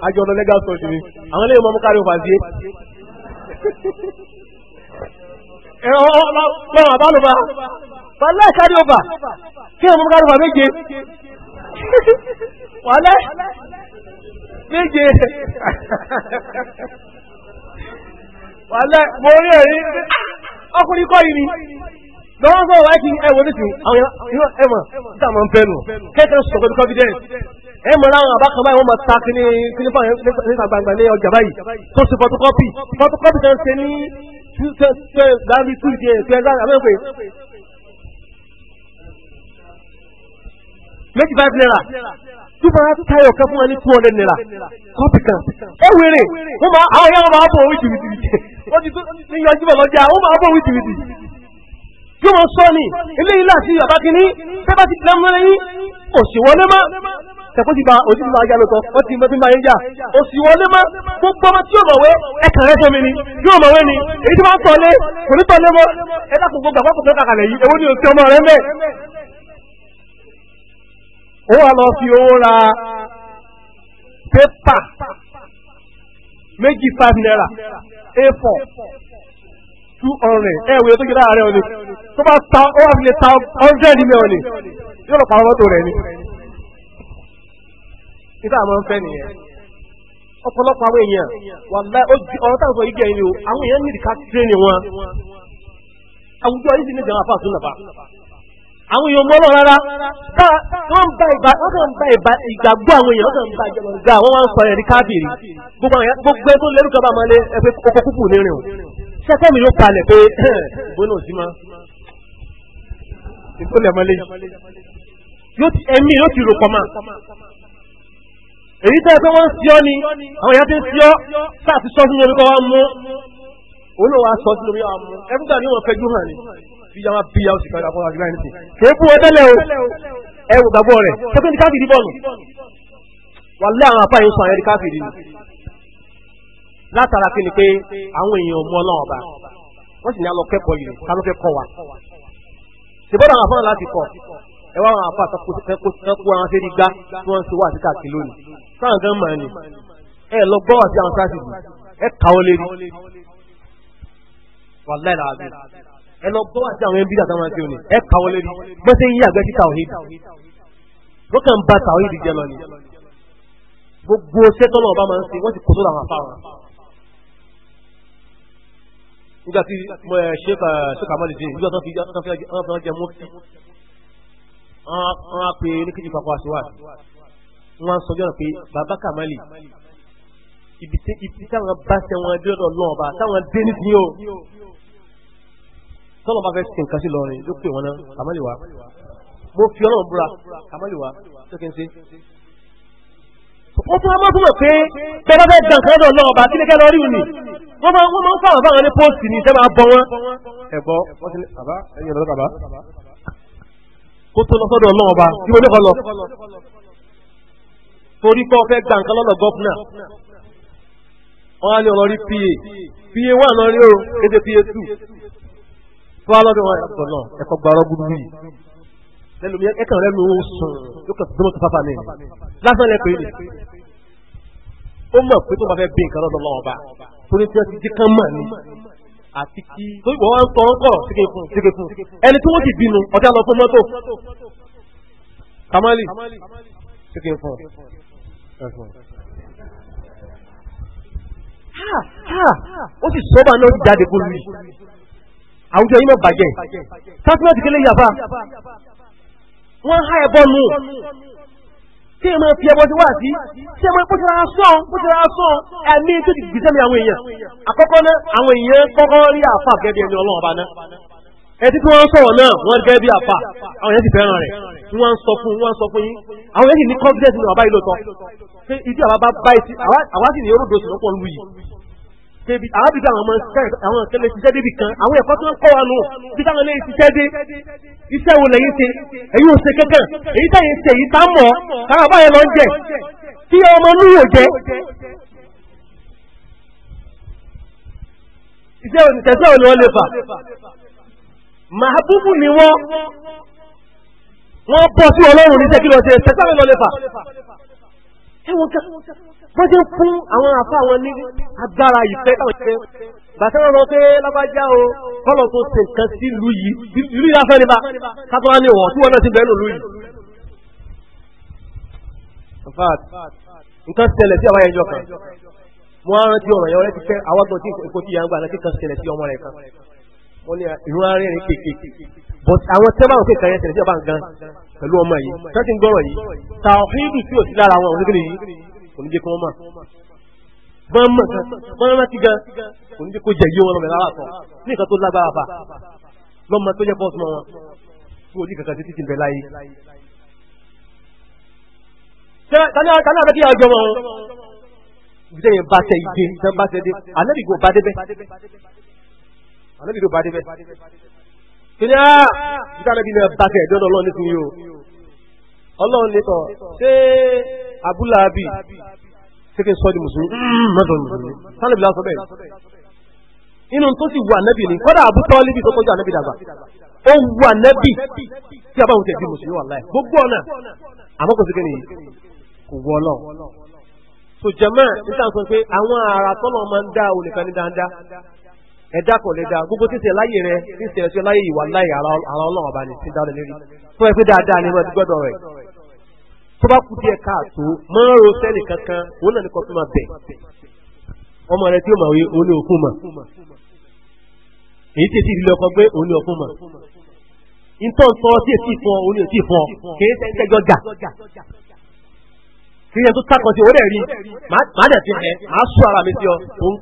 [SPEAKER 1] àjọ àwọn kárí òfà ẹ̀rọ
[SPEAKER 2] ọlọ́run àbálùbá
[SPEAKER 1] wàlẹ́ kárí òfà kí kárí òfà
[SPEAKER 2] méje wàlẹ́ méje
[SPEAKER 1] wàlẹ́ lọ́wọ́ bọ̀ wáyé kí ẹwọ ní sìn àwọn yóò ẹmọ tí a máa ń fẹ́ nù kẹ́kẹ́ sọ pẹ̀lú confidence ẹ mọ̀ láwọn àbá kan báyìí wọ́n máa ta kíní kíní fún àwọn níta gbangba ní ọjà báyìí tó ṣe photocopy photocopy tẹ́ ń ṣe ní ṣe láàbí two days ṣe ẹgbẹ́ àbẹ́pẹ́ méjì five naira túbọ̀ láti táyà ọ̀kan fún wa ní two hundred naira kọ́pì kan ẹ wéré wọ́n máa àwọn yàrá máa bọ̀ wí jìbìtì wọ́n ti tó ní yanjú bọ̀ lọ́jà wọ́n máa bọ̀ wí jìbìtì yóò mọ̀ sọ ni eléyìí láti bàbá kìíní tẹ́ bá ti lẹ́mọ́lẹ́ yín òṣìwọlé mọ́ tẹ̀kọ́ ti ba ojú tó máa yá lọ́tọ̀ ó ti mọ́tún máa ń yá òṣìwọlé mọ́ gbogbo ọmọ tí yóò mọ̀wé ẹ̀kàn rẹ̀ sómi ni yóò mọ̀wé ni èyí tó máa ń tọ̀lé kò ní tọ̀lé mọ́ ẹ dákun gbogbo àpapọ̀ tó kàkàlẹ̀ yìí owó ni o ti ọmọ rẹ mẹ́. ó wà lọ fi owó ra pépà méjì five naira a four two hundred ẹ wòye tó jẹ́ láàárẹ̀ ọ̀nì tó bá ta ó wà fi lè ta hundred mi ọ̀nì yóò lọ pàrọ̀ mọ́tò rẹ̀ ni. nígbà àwọn ọmọ ń fẹ́ nìyẹn ọ̀pọ̀lọpọ̀ àwọn èèyàn wà láì ọ̀rọ̀ táwọn sọ igi ẹ̀yìn o àwọn èèyàn nìdí ká tẹ́ ni wọn. àwùjọ yìí ti ní jàmbá fásun nàbà àwọn èèyàn mọ́ náà rárá wọ́n kàn bá ìgbàgbọ́ àwọn èèyàn kàn
[SPEAKER 2] bá ìgbàgbọ́ àwọn
[SPEAKER 1] wọn sọ ẹ̀rí káàbìrì gbogbo ẹ̀ tó lẹ́rù kan bá máa lé ẹgbẹ́ kókó kúkú nírin o sẹ́kọ́ mi yóò palẹ̀ pé gbóná òsì máa ètò lẹ́mọ́lé ẹ̀mí yóò ti rò pọ̀ máa èyí tẹ́ pé wọ́n ń sí ọ́ ni àwọn èèyàn ti ń sí ọ́ sáà ti sọ́ sínú omi kọ́ wá mú olówó aṣọ sínú omi wá mú ẹgbẹ́gbà ni wọ́n fẹjú hàn ni bíyà wọn bíyà òsì padà fún àgbà ẹnìtì kìí fún ọtẹlẹ o
[SPEAKER 2] ẹwù gbàgbọ́ rẹ̀ tẹ́kùn ní káfíìdì bọ́ọ̀lù
[SPEAKER 1] wà lé àwọn apá yìí sọ àwọn káfíìdì látara kí ni pé àwọn èèyàn mọ ọlọ́run wọ́n sì ní alọ́ kẹ́kọ̀ọ́ yìí ká kọ́ wa. ṣèbọ́dọ̀ àwọn afọ́nà láti kọ̀ ẹ wá àwọn afọ́ àtàkùnkù àwọn afẹ́rí gbá tí wọ́n ń ṣe wá àti káàkiri lónìí. sáà mọ̀ ni ẹ lọ gbọ́ àti àwọn sáà sì ẹ kà ó lérí. wà láì ra àgbẹ̀ ẹ lọ gbọ́ àti àwọn ẹbí àtàwọn òní ẹ kà ó lérí nígbà tí ṣéka eh, eh, amálédé nígbà tó fi jẹ mọ́tì wọ́n á pe oníkejì papọ̀ àṣewàsí wọ́n á sọjọ́ pé bàbá kàmálì ibi tí táwọn bá ṣe wọn dé lọ lọ́wọ́ bá táwọn dé ní tiyo tọ́lọ́ bá fẹ́ sin nǹkan sí lọ́rin ló pè wọ́n náà kàmálì wa mo fi ọlọ́run búra kàmálì wa tó kí n ṣe ó fún ọmọ fún mọ̀ pé tẹ́lá fẹ́ dàn kan lọ́dọ̀ ọba kí lẹ́kẹ́ lọ́rí òní wọ́n máa ń fáwọn báwọn ní póòsì ní ìṣẹ́ máa bọ wọn. ẹ̀gbọ́ wọ́n ti ní bàbá ẹ̀yìn ọ̀dọ́ bàbá kó tó lọ sọ́dọ̀ ọlọ́run ọba kí wọ́n lẹ́kọ̀ọ́ lọ. torí pé wọ́n fẹ́ gba nǹkan lọ́dọ̀ gọ́fúnà wọ́n á lé ọ̀rọ̀ rí pa pa wà lọ o kéde pa two tó wá wọn ẹ̀kọ́ náà ẹ̀kọ́ yìí lẹ́nu mi ẹ̀kan rẹ̀ ló sùn yóò kàn tó fàfà mi lásán lẹ́ pé ó mọ̀ pé tó bá fẹ́ bí nǹkan lọ́dọ̀ lọ́wọ́ bá torí tí wọ́n ti dín kán mọ̀ ni àti kí tó ìwọ wọn kọ ń kọ síke fún síke fún ẹni tí wọ́n ti bínú ọjà lọ fún mọ́tò kamali síke fún ẹ̀fọn ó sì sọ́bà náà jáde kó lù àwùjọ yìí náà bàjẹ́
[SPEAKER 2] sátúmọ̀tì kélé yàfa
[SPEAKER 1] wọ́n há ẹbọ nù tí ẹ máa fi ẹbọ sí wá sí tí ẹ máa bó ti ra sán bó ti ra sán ẹ̀mí tó ti gbèsè mi àwọn èèyàn àkọ́kọ́ náà àwọn èèyàn kọ́kọ́ rí àfà gẹ́gẹ́ ẹni ọlọ́run ọba náà ẹtí tí wọ́n sọ̀rọ̀ náà wọ́n gẹ́gẹ́ bí àfà àwọn èèyàn sì fẹ́ràn rẹ̀ wọ́n sọ fún wọ́n sọ fún yín àwọn èèyàn sì ní confidence nínú àbá ìlòtọ́ pé ìdí àbá bá báyìí àwa sì ní orúdó sì lọ́pọ̀ lù yìí débi àwọn bíi àwọn ọmọ àwọn ìkẹlẹ ṣiṣẹ́ débi kan àwọn ẹ̀kọ́ tó ń kọ́ wa nù bí táwọn ilé ṣiṣẹ́ dé iṣẹ́ wo lẹ́yìn ṣe èyí ò ṣe kankan èyí táyìn ṣe èyí tá mọ̀ káwọn báyẹn lọ ń jẹ kí ọmọ lúwò jẹ iṣẹ́ òṣìṣẹ́ òní wọn lè fà màbúbù ni wọ́n wọ́n bọ́ sí ọlọ́run níṣẹ́ kí lọ́ọ́ ṣe ṣẹ́ṣẹ́ òní wọn lè fà ẹwọ́n kan bọ́n ṣe ń fún àwọn àfa àwọn ní agbára ìfẹ́ táwọn ìfẹ́ bàtà wọn lọ pé lábájá o kọ́lọ̀ tó ṣe nǹkan sí ìlú yìí ìlú yìí afẹ́ nípa kátó wá ní ìwọ̀n tí wọ́n náà ti bẹ̀rẹ̀ nù lóyìí. nǹkan ṣẹlẹ̀ sí àwọn ẹ̀yọ́ kan mo á rántí ọ̀rọ̀ yẹn wọ́n ti fẹ́ àwọn gbọ̀n tí èkó ti yà ń gbà náà ti kan ṣẹlẹ̀ sí ọmọ rẹ̀ kan wọ́n ní ìrún arìnrìn kéèké but àwọn tẹ́lá òkè kan yẹn tẹ̀lé sí ọba gan pẹ̀lú ọmọ yìí tẹ́ ti ń gbọ́rọ̀ yìí ta ọ̀hídù tí ò sí lára àwọn òṣèlú yìí kò ní jẹ́ kí wọ́n mọ̀ bọ́n mọ̀ gan bọ́n rántí gan kò ní jẹ́ kó jẹ́ yí wọn lọ́mọ lára kan ní nǹkan tó lágbára fà lọ́mọ tó jẹ́ bọ́ọ̀sì mọ́ wọn tí ojú kankan ti ti bẹ̀ láyé. tani àbẹ́ kí àjọ wọn ìdílé yẹn bá tẹ
[SPEAKER 2] ìdè
[SPEAKER 1] ànábì ló bá dé bẹ́ẹ̀. kíni á ah, ìta ànábì náà bá tẹ̀ dọ́dọ̀ ọlọ́run nítorí o ọlọ́run nìkan ṣé abúláàbì ṣé kí n sọ di mùsùlùmí mọ́tò mm, mùsùlùmí sálẹ̀bì lásán bẹ́ẹ̀ inú tó sì wù ànábì ni kọ́dà àbútọ́líbì tó kọjá ànábì dàgbà ó wù ànábì tí a bá wù tẹ̀ di mùsùlùmí wà láì gbogbo ọ̀nà àmọ́ kò sí kí ni kò wọ́ lọ. so jẹ́mọ́ níta sọ pé àwọn àrà tọ́lọ̀ máa ń dá olùkọ́ ní dáadáa ẹ̀dá kan lè da gbogbo títí ẹ̀ láyé rẹ títí ẹ̀ sí ọ láyé ìwà láyé ara ọlọ́run ọba ni ti dáre lérí fún ẹ pé dáadáa ni wọ́n ti gbọ́dọ̀ rẹ̀ tó bá kú díẹ̀ káàtó mọ́ ro sẹ́nì kankan òun náà ní kọ́ fún ma bẹ̀ ọmọ rẹ tí ó màwé òun ní òkú mà èyí tí èsì ìdílé ọkọ gbé òun ní òkú mà ìtọ́ntọ́ tí èsì fún ọ òun ní òsì fún ọ kèé tẹ́jọ́ gà kí ẹ tó sákọ̀ọ́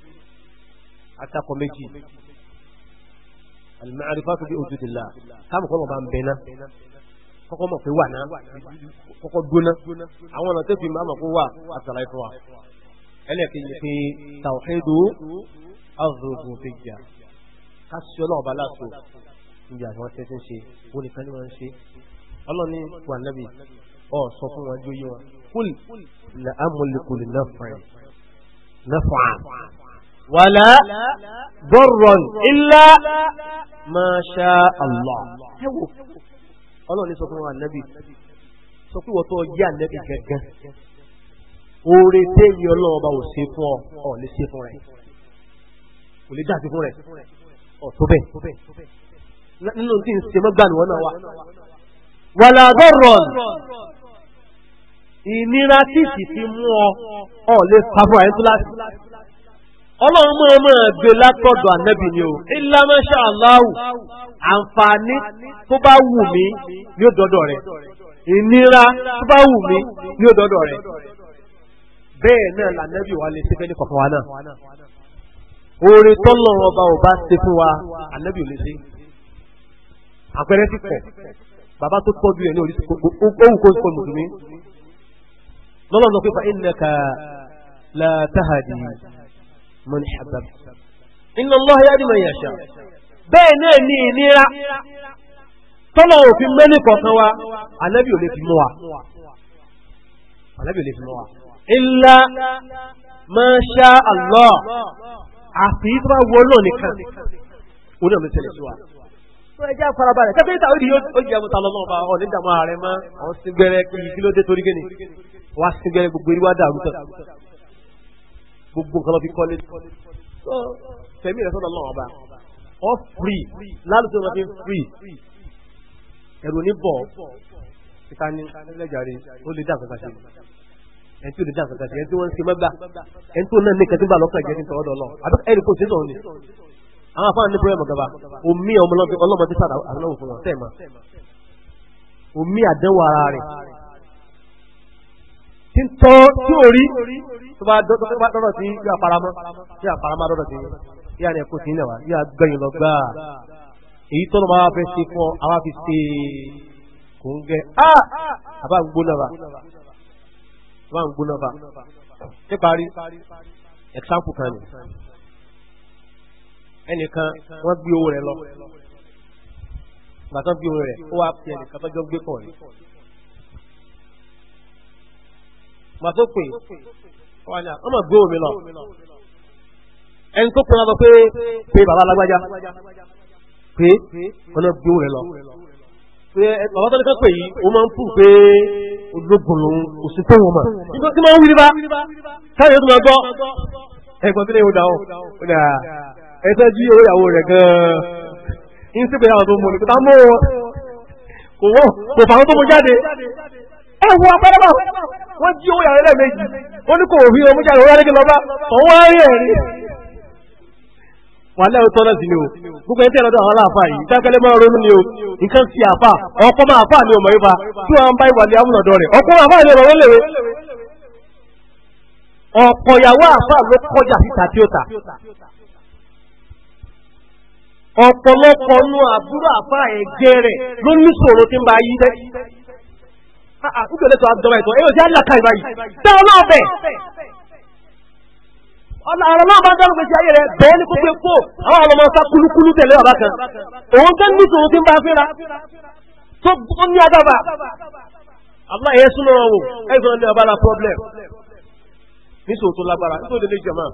[SPEAKER 1] atakọ méjì alimẹrifatu bi ojudila káàmù kọ́ mọ̀ bá ń bẹ ná kọ́kọ́ mọ̀ pé wà ná kọ́kọ́ gbóná àwọn ọ̀nà tó fi máa mọ̀ kó wà àtàlàyé fún wa ẹlẹ́kẹ̀yìn pé fi jà ká sí ọlọ́run bá láàtò níbi àwọn tẹ́tí ń ṣe wọ́n nìkan ni wọ́n ń ṣe ọlọ́ni wà nẹ́bi ọ̀ sọ fún wọn jóyé wọn kúl la amúlikùn náfà náfà ولا dọ́rọ̀n ilá ما شاء الله. ọlọ́run ní sọ fún wa nẹ́bí sọ pé wọ́n tó yá nẹ́bí gẹ́gẹ́ oore téyí ọlọ́run ọba ò ṣe fún ọ ọ lè ṣe fún rẹ kò lè dàbí fún rẹ ọ tó bẹ́ẹ̀ nínú tí ń ṣe mọ́gbàánu wọn náà wà. wàlá ìnira tí sì fi mú ọ ọ lè fa fún àyẹ̀túláṣí ọlọ́run mọ́ ọmọ ẹgbẹ́ látọ̀dọ̀ ànẹ́bì ni o ilá mọ́ṣá aláwù àǹfààní
[SPEAKER 2] tó bá wù mí
[SPEAKER 1] ní òdọ́dọ̀ rẹ̀ ìnira tó bá wù mí ní òdọ́dọ̀ rẹ̀ bẹ́ẹ̀ náà lànẹ́bì wa lè ṣe fẹ́ ní kọ̀ọ̀kan wa náà
[SPEAKER 2] oore tọ́lọ́run ọba ò bá ṣe fún wa
[SPEAKER 1] ànẹ́bì ò lè ṣe àpẹẹrẹ ti pọ̀ bàbá tó tọ́jú ẹ̀ ní orí ohun kó sọ mùsùlùmí lọ́lọ́run sọ pé man habab inna Allah yahdi man yasha bẹ́ẹ̀ náà ní ìnira tọ́lọ̀ òfin mẹ́lì kọ̀ọ̀kan wa ànábì ò lè fi mú wa ànábì ò lè fi mú wa illa ma sha Allah àfi tó bá wọ náà nìkan orí ọ̀mí tẹ̀lé sí wa tó ẹjẹ́ àfarabalẹ̀ tẹ́fẹ́ ìta òdì yóò jẹ́ ọmọta lọ́lọ́ ọba ọ̀ nígbà máa rẹ̀ mọ́ àwọn sígbẹ́rẹ́ kí kí ló dé torí gẹ́ni wá sígbẹ́rẹ́ gbogbo eré wá dàrú tán gbogbo nǹkan lọ fi kọ́lé so tẹ̀mí rẹ̀ sọ́dọ̀ lọ́wọ́ ọba ọ free lálùsọ wọn fi free ẹ̀rù ní bọ̀ ìta ni ẹlẹ́jàre ó lè dá àgbàgbà sí ẹni tí ó lè dá àgbàgbà sí ẹni tí wọ́n ń ṣe mẹ́gbà ẹni tó náà ní kẹtí bá lọ́kàn jẹ́ ní tọ́wọ́ dọ̀ lọ àbí ẹni kò sí sọ̀rọ̀ ni àwọn afáàní pẹ̀lú ẹ̀mọ̀ gaba omi ọmọlọ́mọdé sára àwọn ọmọ fún wọn sẹ́ẹ̀ma omi àdánwò ara rẹ̀ tí ń tọ́ tí ò rí tó bá dọ́dọ̀ sí yóò àfaramọ́ yóò àfaramọ́ dọ́dọ̀ sí yóò ní ẹ̀kọ́ sí ilẹ̀ wa yóò gbẹ̀yìn lọ gbà èyí tọ́nà máa fẹ́ ṣe fún ọ àwa fi ṣe kò ń gẹ á àbá ń gbóná wa àbá ń gbóná wa níparí example kan ni ẹnìkan wọ́n gbé owó rẹ̀ lọ gbàtàn gbé owó rẹ̀ ó wá fi ẹnìkan tó gbé pọ̀ rẹ̀ màá tó pè ọmọ gbé omi lọ ẹni tó pè wọn lọ pé pé bàbá alágbájá pé ọ̀nà gbé rẹ lọ pé bàbá tó ní ká pè yìí ó máa ń fún pé ológun lòun kò sí tó wọn mà nígbà tí máa ń wíri bá káyọ̀ tó máa gbọ́ ẹ̀gbọ́n tó ní ìwé dáhùn ó dà ẹ̀sẹ̀ jí owó ìyàwó rẹ̀ gan-an ní sípè àwọn tó mú ní kò tá mú wọn kò wọ́n kò fà wọn tó mú jáde ẹ wo afẹ́lẹ́bà wọ́n jí owó yàrá lẹ́ẹ̀mejì ó ní kò rí ọmú jáde wọ́n rẹ́gẹ́ lọ́ba ọ̀wọ́n á rí ẹ̀rí. wọn alẹ́ òótọ́ náà sí ni o gbogbo ẹni tí ẹ̀rọ̀dọ̀ àwọn aláàfáà yìí dákẹ́lẹ́ máa ronú ni o nǹkan ti àfà ọkọ máa fà ní ọmọ yìí fa tí wọn bá ìwà ní amúnàdọ rẹ ọkọ máa fà ní ọmọ lèwe. ọ̀pọ̀ ìyàwó àfà ló kọjá síta tí ó ta ọ̀pọ̀lọpọ̀ nu àbúrò àfà ẹ̀gẹ́ rẹ̀ ló ní sòro tí ń ba yí àkúkẹ́ lẹ́tọ̀ àjọba ìtọ̀ èyí ò sí àlàkà ìbáyìí tẹ́ ọlọ́run bẹ̀ ọ̀rọ̀ náà bá dánú gbèsè ayé rẹ̀ bẹ́ẹ̀ ni kó gbé pò àwọn ọmọ ọ̀sá kulukulu tẹ̀lé bàbá kan òun tẹ́ ní tòun tí ń bá fẹ́ra tó ó ní agbábà Allah ẹ̀yẹ súnmọ́ wọn wò ẹ̀sùn ní abala problem ní sòun tó lágbára ní sòun lè jẹ̀mọ́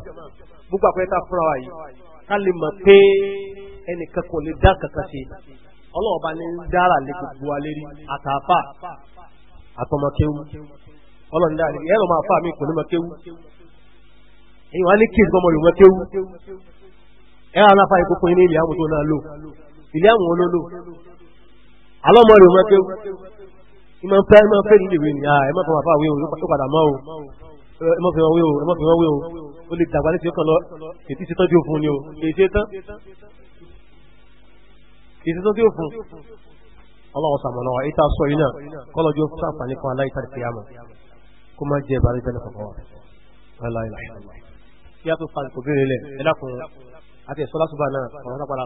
[SPEAKER 1] gbogbo àpẹẹrẹ ká fúnra wa yìí ká lè mọ̀ pé ẹnìkan kò lè dá kankan ṣe ọlọ́ọ̀bá ní dára lè gbogbo wa lérí àtàfà àtọmọkéwú ọlọ́run dáa yẹ́ lọ́mọ àfa mi kò ní mọkéwú èyí wọn á ní kíìsì gbọmọ yòó mọkéwú ẹ àwọn afa ìkókó yín ní ilé àwọn tó náà lò ilé àwọn olólò alọ́mọ yòó mọkéwú ìmọ̀ fẹ́ ìmọ̀ fẹ́ nílé ìwé nìyà ah, ẹ má fọwọ́ àfa wí o ó padà mọ́ o ẹ má fi wọn wí o ẹ má fi wọn wí o ó lè dàgbà létí ọkàn lọ ètí ṣetán tí ó fún ni o èyí ṣetán èyí ọlọ́wọ́ sàmọ̀nà wa ìta sọ iná kọ́lọ́jọ́ sáfàní kan aláìtàrí kìyàmọ̀ kó má jẹ́ ìbára ìjẹ́ nìkan wa aláìláì kí a tó fa ìkòbí rẹ̀ lẹ̀ ẹ̀dá kan àti ẹ̀sọ́